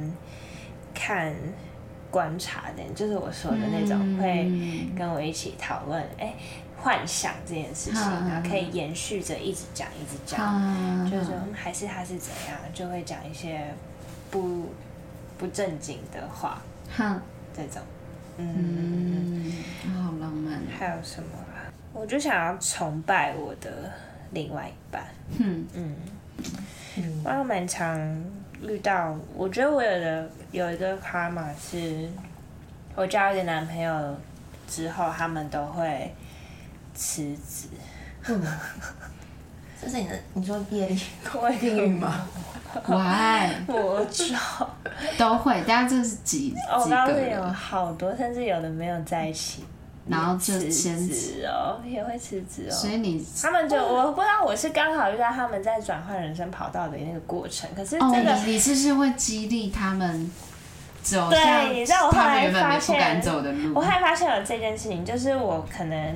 Speaker 1: 看觀察的、欸，嗯、就是我說的那種會跟我一起討論哎幻想這件事情，嗯、然後可以延續着一直講、嗯、一直講，就是還是他是怎樣，就會講一些不不正經的話，哼，這種，嗯，好浪漫。還有什麼？我就想要崇拜我的另外一半。嗯嗯，嗯，我還蠻常遇到，我覺得我有的有一個卡嘛是，我交一點男朋友之後，他們都會辭職。這、嗯、 是，是你的你說業力會，業力嗎？ Why? 我我操，都會，但這是幾？幾哦剛剛有好多，甚至有的沒有在一起。
Speaker 2: 然
Speaker 1: 後辭職哦，也會辭職哦。所以你他們就我不知道，我是剛好遇到他們在轉換人生跑道的那個過程。Oh, 可是真的，你你是不是會激勵他們走？對，你知道我後來發現，我後來發現了這件事情，就是我可能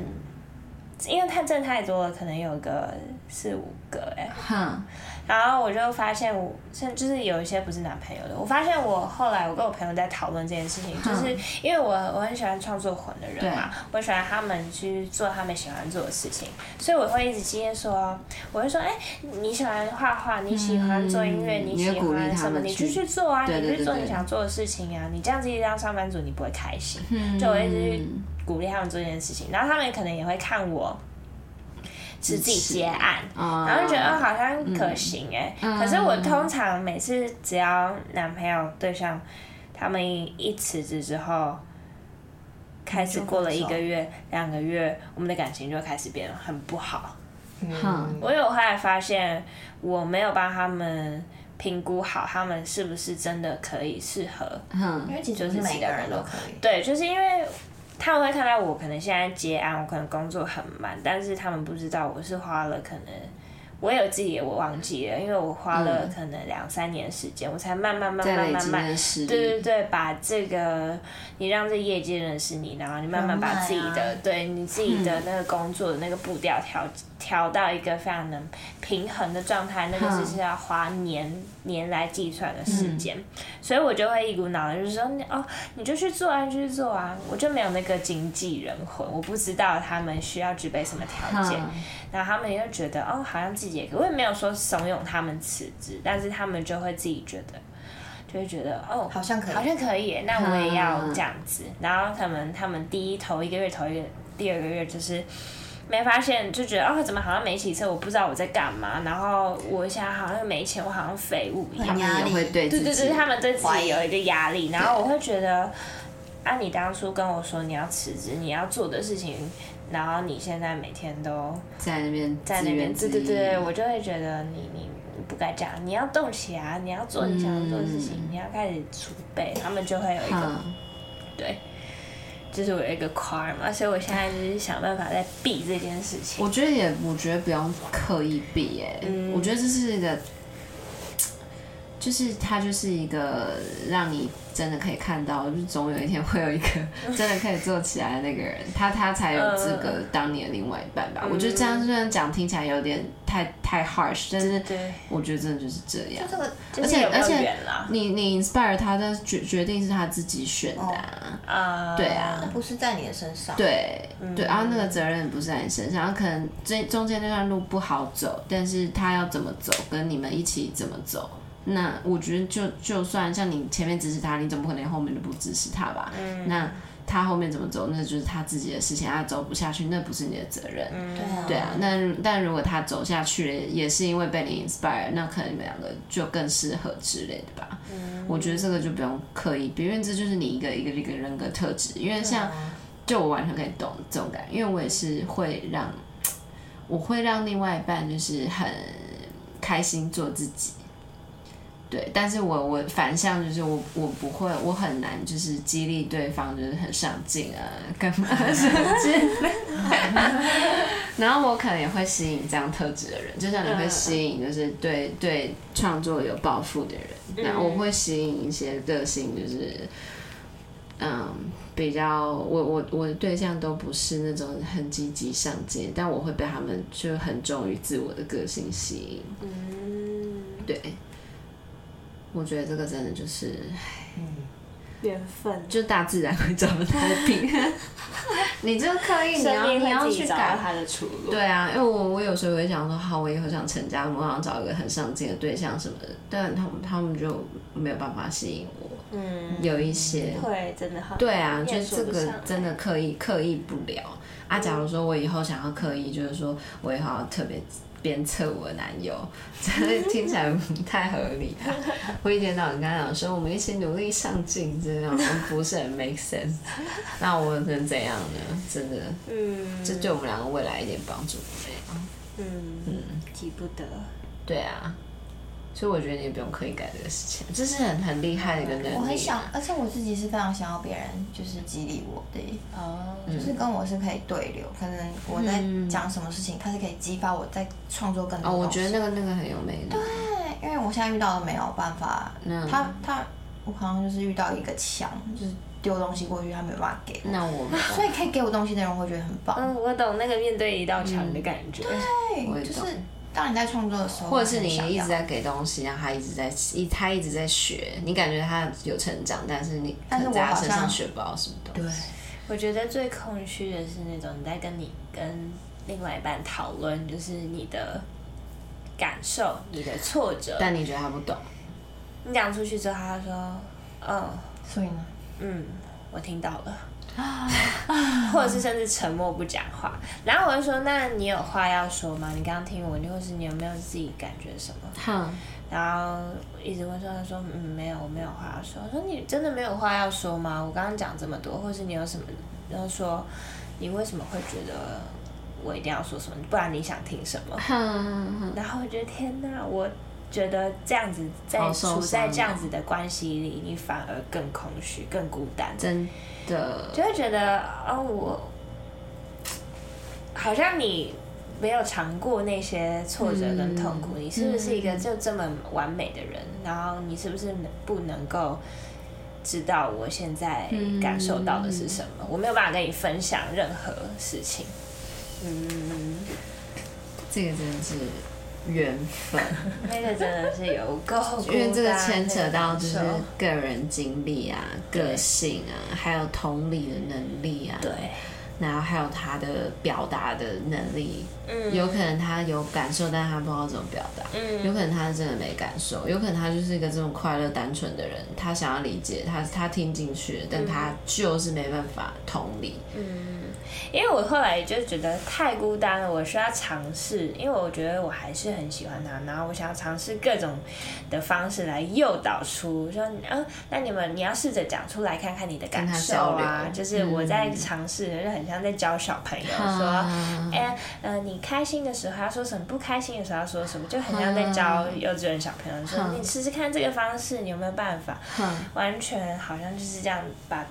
Speaker 1: 因為他掙太多了，可能有個四五個哎。哈。然後我就發現我，我就是有一些不是男朋友的。我發現我後來，我跟我朋友在討論這件事情，嗯、就是因為我我很喜歡創作魂的人嘛，對我喜歡他們去做他們喜歡做的事情，所以我會一直建議說，我會說，哎、欸，你喜歡畫畫，你喜歡做音樂，嗯、你喜歡什麼，你就去做啊，對對對對，你就做你想做的事情啊，你這樣子讓上班族，你不會開心。嗯、就我一直鼓勵他們做這件事情，然後他們可能也會看我。自己接案，嗯、然後覺得好像可行哎。嗯嗯、可是我通常每次只要男朋友對象、嗯、他們一,一辭職之後，開始過了一個月、兩個月，我們的感情就開始變得很不好。嗯嗯、我有為後來發現我沒有幫他們評估好他們是不是真的可以適合。嗯，因為其實不是每個人都可以。對，就是因為。他們會看到我可能現在接案，我可能工作很慢，但是他們不知道我是花了可能，我也有自己的，我忘記了，因為我花了可能兩三年時間，嗯、我才慢慢慢慢慢慢對對對，把這個你讓這業界認識你，然後你慢慢把自己的，嗯、對你自己的那個工作的那個步調調整。調到一個非常能平衡的狀態，那個只是要花年、嗯、年來計算的時間，所以我就會一股腦的就說，你哦，你就去做、啊，就去做啊！我就沒有那個經紀人魂，我不知道他們需要具備什麼條件，嗯、然後他們也就覺得哦，好像自己也可以。我也沒有說慫恿他們辭職，但是他們就會自己覺得，就會覺得哦，好像可以，好像可以，那我也要這樣子。嗯、然後他們他們第一頭一個月，頭一個第二個月就是。沒發現，就覺得啊、哦，怎麼好像沒起色，我不知道我在幹嘛。然後我現在好像沒錢，我好像廢物一樣。他們會對，對對對他們對自己有一個壓力。對然後我會覺得，按、啊、你當初跟我說你要辭職，你要做的事情，然後你現在每天都在那邊在那邊，對對對，我就會覺得你你你不該這樣，你要動起來、啊，你要做你想要做的事情，嗯、你要開始儲備，他們就會有一個好對。就是我有一個框嘛，所以我現在就是想辦法在避這件事情。我覺得也，我覺得不用刻意避哎，嗯、我覺得這是一個。就是他就是一個讓你真的可以看到，就是總有一天會有一個真的可以做起來的那個人， 他他才有資格當你的另外一半吧？嗯、我覺得這樣雖然講聽起來有點太太 harsh，但是我覺得真的就是這樣。這有有而且而且，你你 inspire 他的決決定是他自己選的啊，oh, uh, 對啊，不是在你的身上。對對，然後、嗯啊、那個責任不是在你身上，嗯、然後可能這中間那段路不好走，但是他要怎麼走，跟你們一起怎麼走。那我覺得就，就就算像你前面支持他，你總不可能後面都不支持他吧？嗯。那他後面怎麼走，那就是他自己的事情。他走不下去，那不是你的責任。嗯、對啊。嗯、那但如果他走下去，也是因為被你 inspire，那可能你們兩個就更適合之類的吧。嗯。我覺得這個就不用刻意，別人這就是你一個一個一個人格特質。因為像，嗯、就我完全可以懂這種感，因為我也是會讓，我會讓另外一半就是很開心做自己。對，但是我我反向就是我我不會，我很難就是激勵對方就是很上進啊，幹嘛什麼的。然後我可能也會吸引這樣特質的人，就像你會吸引，就是對對創作有抱負的人。那、嗯、我會吸引一些個性就是，嗯，比較我我我的對象都不是那種很積極上進，但我會被他們就很忠於自我的個性吸引。嗯，對。我覺得這個真的就是緣、嗯、分，就大自然會找到他的命。你就刻意，你要你要去找他的出路。對啊，因為我我有時候會想說，好，我以後想成家，我想找一個很上進的對象什麼的，嗯、但他們他們就沒有辦法吸引我。嗯，有一些會真的很，對啊，就這個真的刻意刻意不了、嗯、啊。假如說我以後想要刻意，就是說，我以後要特別。鞭策我的男友，真的聽起來不太合理啊！我一天到晚跟他講說，我們一起努力上進，這樣不是很 make sense？那我能怎樣呢？真的，嗯，這對我們兩個未來一點幫助都沒有，嗯嗯，急、嗯、不得，對啊。所以我覺得你也不用刻意改這個事情，這是很很厲害的一個能力，啊嗯。我很想，而且我自己是非常想要別人就是激勵我的，哦，uh, 嗯、就是跟我是可以對流，可能我在講什麼事情，他是可以激發我在創作更多。哦，我覺得那個那個很有魅力。對，因為我現在遇到了沒有辦法，他他、嗯，我好像就是遇到一個牆，就是丟東西過去他沒有辦法給。那我， 所以可以給我東西的人會覺得很棒。嗯，我懂那個面對一道牆的感覺。嗯、對，我懂就是。當你在創作的時候，或者是你一直在給東西，然後他一直在一他一直在學，你感覺他有成長，但是你但是在他身上學不到什麼東西。對，我覺得最空虛的是那種你在跟你跟另外一半討論，就是你的感受、你的挫折，但你覺得他不懂。你講出去之後，他說：“嗯，所以呢？”嗯，我聽到了。啊， 或者是甚至沉默不講話，然後我就說：“那你有話要說嗎？你剛剛聽我，你或是你有沒有自己感覺什麼？”嗯，然後一直問說：“他說嗯，沒有，我沒有話要說。”我說：“你真的沒有話要說嗎？我剛剛講這麼多，或是你有什麼要說？你為什麼會覺得我一定要說什麼？不然你想聽什麼？”然後我覺得天吶，我覺得這樣子在處在這樣子的關係裡，你反而更空虛、更孤單。真。就會覺得，哦，我好像你沒有嘗過那些挫折跟痛苦，嗯、你是不是一個就這麼完美的人？嗯、然後你是不是不能夠知道我現在感受到的是什麼？嗯、我沒有辦法跟你分享任何事情。嗯，這個真的是。緣分，這個真的是有夠，因為這個牽扯到就是個人經歷啊、對個性啊，對還有同理的能力啊。對，然後還有他的表達的能力。嗯對，有可能他有感受，但他不知道怎麼表達。嗯，有可能他真的沒感受，有可能他就是一個這麼快樂單純的人，他想要理解，他他聽進去，但他就是沒辦法同理。嗯。嗯因為我後來就是覺得太孤單了，我需要嘗試，因為我覺得我還是很喜歡他，然後我想嘗試各種的方式來誘導出說，啊、嗯，那你們你要試着講出來看看你的感受啊，就是我在嘗試，嗯、就很像在教小朋友說，哎、嗯欸，呃，你開心的時候要說什麼，不開心的時候要說什麼，就很像在教幼稚園小朋友說，嗯、你試試看這個方式，你有沒有辦法？嗯、完全好像就是這樣把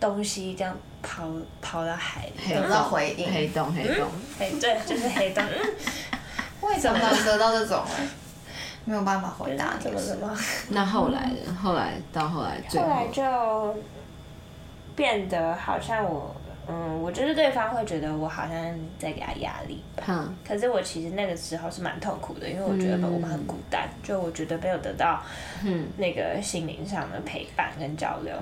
Speaker 1: 東西這樣。拋拋到海裡，得到回應，黑洞，嗯、黑洞。哎，嗯、對，就是黑洞。為什 以麼能得到這種，欸，沒有辦法回答。怎麼了。那後來，後來、嗯、到後來後，後來就變得好像我，嗯，我覺得對方會覺得我好像在給他壓力。吧，嗯。可是我其實那個時候是蠻痛苦的，因為我覺得我們很孤單，嗯，就我覺得沒有得到那個心靈上的陪伴跟交流。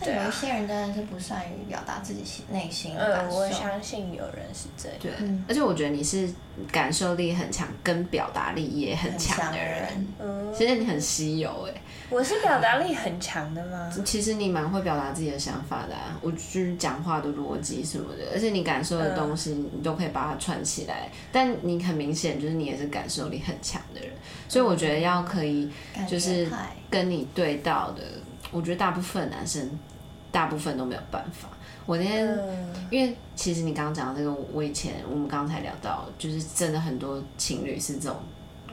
Speaker 1: 但有一些人真的是不善於表達自己心內心感受。嗯，我相信有人是這樣。對，而且我覺得你是感受力很強，跟表達力也很強的人。嗯，其實你很稀有哎、欸。我是表達力很強的嗎？嗯，其實你蠻會表達自己的想法的啊，我就是講話的邏輯什麼的，而且你感受的東西，你都可以把它串起來。嗯，但你很明顯就是你也是感受力很強的人，所以我覺得要可以就是跟你對到的。我覺得大部分男生，大部分都沒有辦法。我那天，因為其實你剛剛講的那個，我以前我們剛才聊到，就是真的很多情侶是這種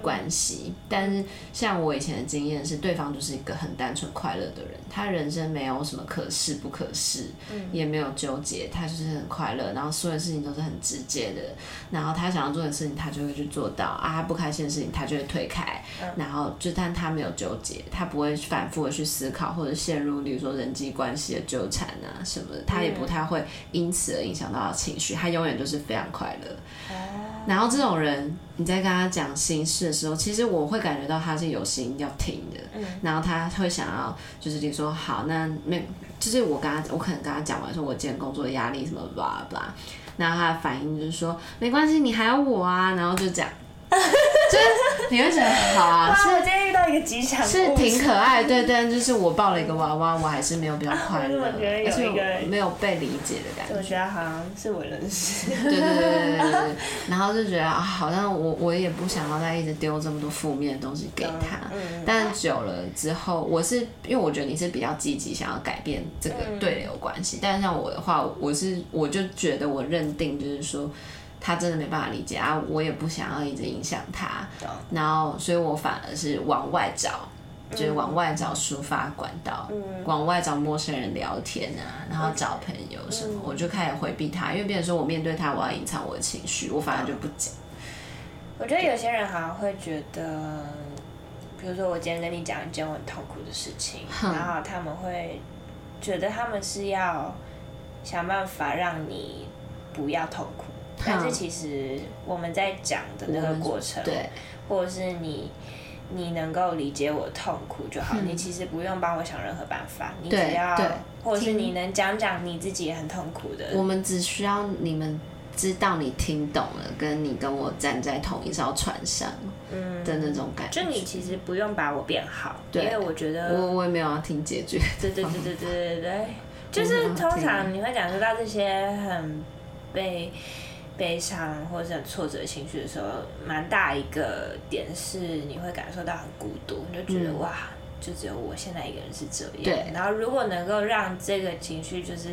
Speaker 1: 關係，但是像我以前的經驗是，對方就是一個很單純快樂的人，他人生沒有什麼可失不可失，嗯、也沒有糾結，他就是很快樂，然後所有事情都是很直接的，然後他想要做的事情他就會去做到啊，他不開心的事情他就會推開，嗯、然後就但他沒有糾結，他不會反覆的去思考或者陷入，比如說人際關係的糾纏啊什麼的，他也不太會因此而影響到情緒，他永遠都是非常快樂。嗯然後這種人，你在跟他講心事的時候，其實我會感覺到他是有心要聽的，嗯、然後他會想要就是你說好，那沒就是我跟他，我可能跟他講完說，我今天工作的壓力什麼巴拉巴拉，然後他的反應就是說沒關係，你還有我啊，然後就這樣。 就是你會想好啊，我哇就今天遇到一個吉祥，是挺可愛的，對，對對，就是我抱了一個娃娃，我還是沒有比較快樂，沒有被理解的感覺，我覺得好像是我任性， 對對對對對，啊、然後就覺得啊，好像我我也不想要再一直丟這麼多負面的東西給他，嗯嗯、但久了之後，我是因為我覺得你是比較積極想要改變這個對流關係，嗯、但是像我的話，我是我就覺得我認定就是說。他真的沒辦法理解啊！我也不想要一直影響他，對然後，所以我反而是往外找，嗯、就是往外找抒發管道，嗯、往外找陌生人聊天啊，嗯、然後找朋友什麼，嗯、我就開始回避他，因為變成說我面對他，我要隱藏我的情緒，我反而就不講。對我覺得有些人好像會覺得，比如說我今天跟你講一件我很痛苦的事情，哼然後他們會覺得他們是要想辦法讓你不要痛苦。但是其實我們在講的那個過程，對，或者是你你能夠理解我的痛苦就好，嗯、你其實不用幫我想任何辦法，對你只要，對或者是你能講講你自己很痛苦的，我們只需要你們知道你聽懂了，跟你跟我站在同一艘船上，嗯，的那種感覺、嗯，就你其實不用把我變好，對因為我覺得我我也沒有要聽解決，對對，對對對對對對對，就是通常你會講說到這些很被。悲傷或者挫折情緒的時候，蠻大一個點是你會感受到很孤獨，你就覺得、嗯、哇，就只有我現在一個人是這樣。對。然後如果能夠讓這個情緒，就是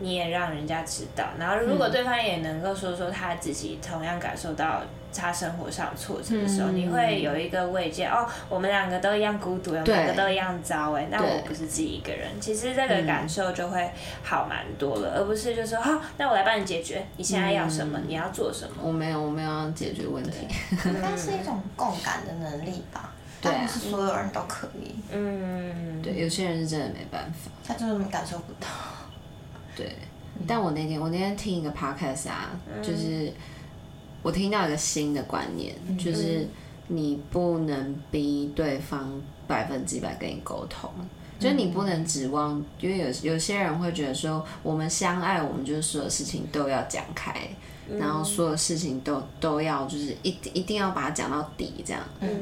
Speaker 1: 你也讓人家知道，然後如果對方也能夠說說他自己同樣感受到。他生活上挫折的時候，你會有一個慰藉哦。我們兩個都一樣孤獨，兩個都一樣糟哎。那我不是自己一個人，其實這個感受就會好蠻多了，而不是就說好，那我來幫你解決。你現在要什麼？你要做什麼？我沒有，我沒有要解決問題。應該是一種共感的能力吧？對，不是所有人都可以。嗯，對，有些人是真的沒辦法，他就是感受不到。對，但我那天我那天聽一個 podcast 啊，就是。我聽到一個新的觀念，就是你不能逼對方百分之百跟你溝通，
Speaker 2: 就是你不
Speaker 1: 能指望，因為有有些人會覺得說，我們相愛，我們就是所有事情都要講開，然後所有事情都都要就是一一定要把它講到底這樣，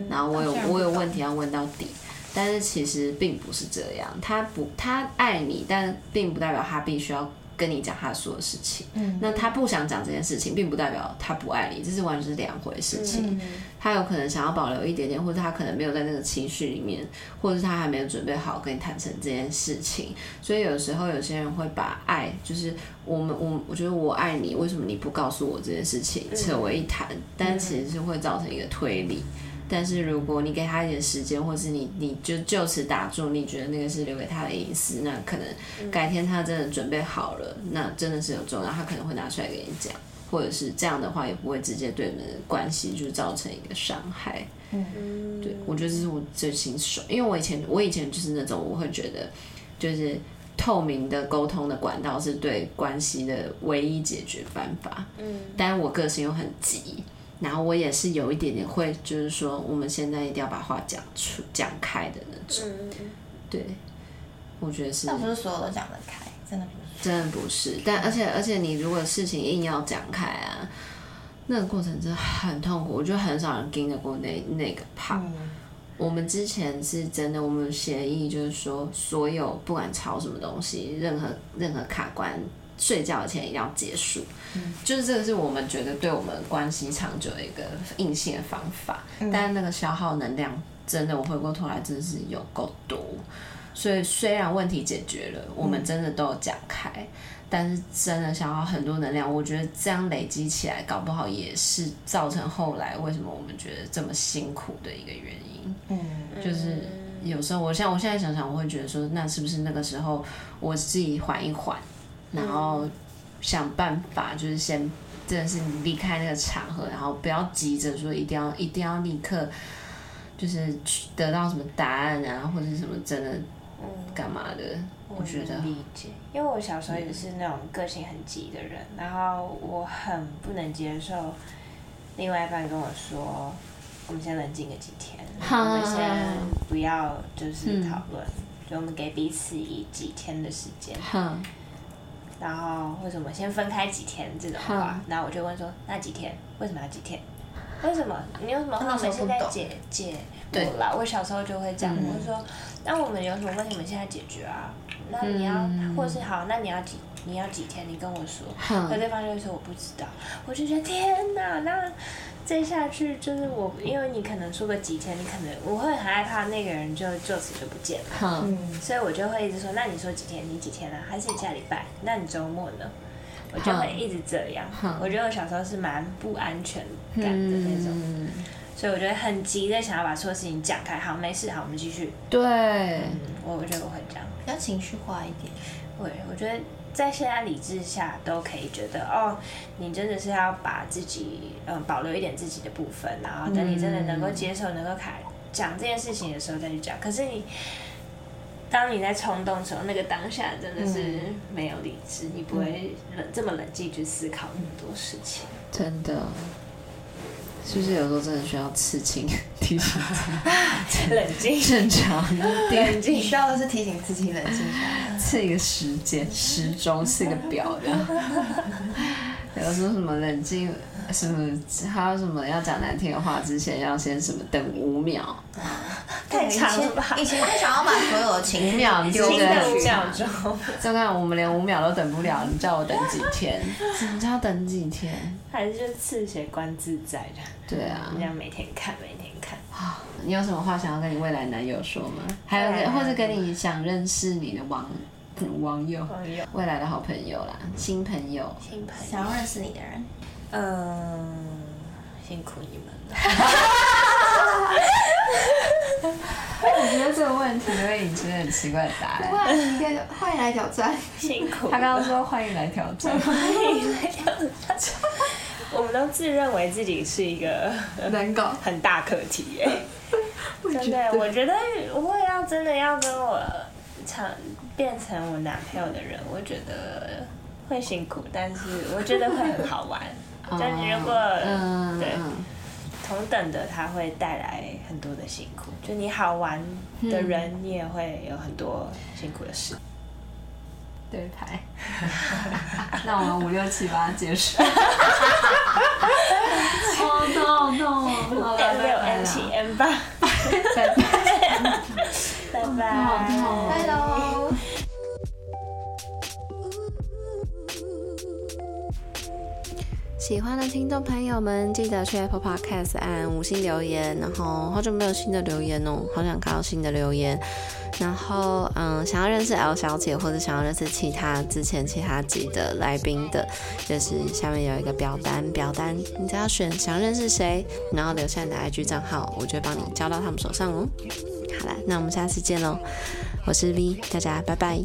Speaker 1: 然後我有我有問題要問到底，但是其實並不是這樣，他不他愛你，但並不代表他必須要。跟你講他說的事情，嗯、那他不想講這件事情，並不代表他不愛你，這是完全是兩回事情。情、嗯嗯、他有可能想要保留一點點，或者他可能沒有在那個情緒裡面，或者他還沒有準備好跟你坦誠這件事情。所以有時候有些人會把愛，就是我們我我覺得我愛你，為什麼你不告訴我這件事情，扯為一談，嗯、但其實是會造成一個推理。但是如果你給他一點時間，或是你你就就此打住，你覺得那個是留給他的隱私，那可能改天他真的準備好了，那真的是有重要，他可能會拿出來給你講，或者是這樣的話也不會直接對你們的關係就造成一個傷害。嗯，對，我覺得這是我最清酸，因為我以前我以前就是那種我會覺得就是透明的溝通的管道是對關係的唯一解決辦法。嗯，但我個性又很急。然後我也是有一點點會，就是說，我們現在一定要把話講出講開的那種。嗯、對，我覺得是。那不是所有都講得開，真的不是。真的不是，但而且而且，你如果事情硬要講開啊，那個過程真的很痛苦。我覺得很少人經得過那那個怕。嗯、我們之前是真的，我們協議就是說，所有不管吵什麼東西，任何任何卡關。睡覺前一定要結束，嗯、就是這個是我們覺得對我們關係長久的一個硬性的方法。嗯、但是那個消耗能量真的，我回過頭來真的是有夠多，所以雖然問題解決了，我們真的都有講開，嗯、但是真的消耗很多能量。我覺得這樣累積起來，搞不好也是造成後來為什麼我們覺得這麼辛苦的一個原因。嗯，就是有時候我現我現在想想，我會覺得說，那是不是那個時候我自己緩一緩？然後想辦法，就是先真的是離開那個場合，嗯、然後不要急着說一定要一定要立刻就是得到什麼答案啊，或者是什麼真的幹嘛的？嗯、我覺得我理解，因為我小時候也是那種個性很急的人，嗯、然後我很不能接受另外一半跟我說：“我們先冷靜個幾天，嗯、然後我們先不要就是討論，嗯、就我們給彼此以幾天的時間。”嗯然後為什麼先分開幾天這種話？啊、然後我就問說，那幾天為什麼要幾天？為什麼？你有什麼話？我們現在解解。我啦。對我小時候就會這樣，嗯、我就說，那我們有什麼問題，我們現在解決啊。那你要，嗯、或是好，那你要幾天？你要幾天？你跟我說，那、嗯、對，對方就會說我不知道。我就覺得天哪，那這下去就是我，因為你可能說個幾天，你可能我會很害怕，那個人就就此就不見了。嗯，嗯，所以我就會一直說，那你說幾天？你幾天啊？還是下禮拜？那你周末呢？嗯、
Speaker 2: 我就會一
Speaker 1: 直這樣。嗯、我覺得我小時候是蠻不安全感的那種，嗯、所以我覺得很急的想要把所有事情講開。好，沒事，好，我們繼續。對，嗯、我我覺得我會這樣，比較情緒化一點。對，我覺得。在現在理智下都可以覺得哦，你真的是要把自己嗯保留一點自己的部分，然後等你真的能夠接受、能夠講這件事情的時候再去講。可是你，當你在衝動的時候，那個當下真的是沒有理智，嗯，你不會冷這麼冷靜去思考那麼多事情，真的。是不是有時候真的需要刺青提醒自己 冷靜靜？正常，冷靜靜。 你需要的是提醒自己冷靜。是一個時間時鐘，是一個表這樣。 有時候什麼冷靜，什麼還有什麼要講難聽的話之前要先什麼等五秒？太長了吧？以前不前想要把所有的情秒丟進去。情感五秒鐘。現在我們連五秒都等不了，你叫我等幾天？你 怎麼叫等幾天？還是就刺血觀自在的。對啊，你要每天看，每天看。啊，你有什麼話想要跟你未來男友說嗎？還有，或者跟你想認識你的網網友、網友、未來的好朋友啦，新朋友、新朋友想要認識你的人，嗯，辛苦你們了。我覺得這個問題，因為你真的很奇怪的答案。應該歡迎來挑戰，辛苦。他剛剛說歡迎來挑戰，歡迎來挑戰。我們都自認為自己是一個很難搞， 很大課題耶，欸。覺真的，我覺得我要真的要跟我成變成我男朋友的人，我覺得會辛苦，但是我覺得會很好玩。但你如果對同等的，他會帶來很多的辛苦。就你好玩的人，你也會有很多辛苦的事。對拍， 那我們五六七八結束。好痛好痛啊！六、七、八，拜拜，拜拜，拜拜嘍。喜歡的聽眾朋友們，記得去 Apple Podcast 按五星留言。然後好久沒有新的留言哦，好想看到新的留言。然後，嗯，想要認識 L 小姐，或者想要認識其他之前其他集的來賓的，就是下面有一個表單，表單你只要選想要認識誰，然後留下你的 IG 賬號，我就會幫你交到他們手上哦。好啦，那我們下次見嘍，我是 V，大家拜拜。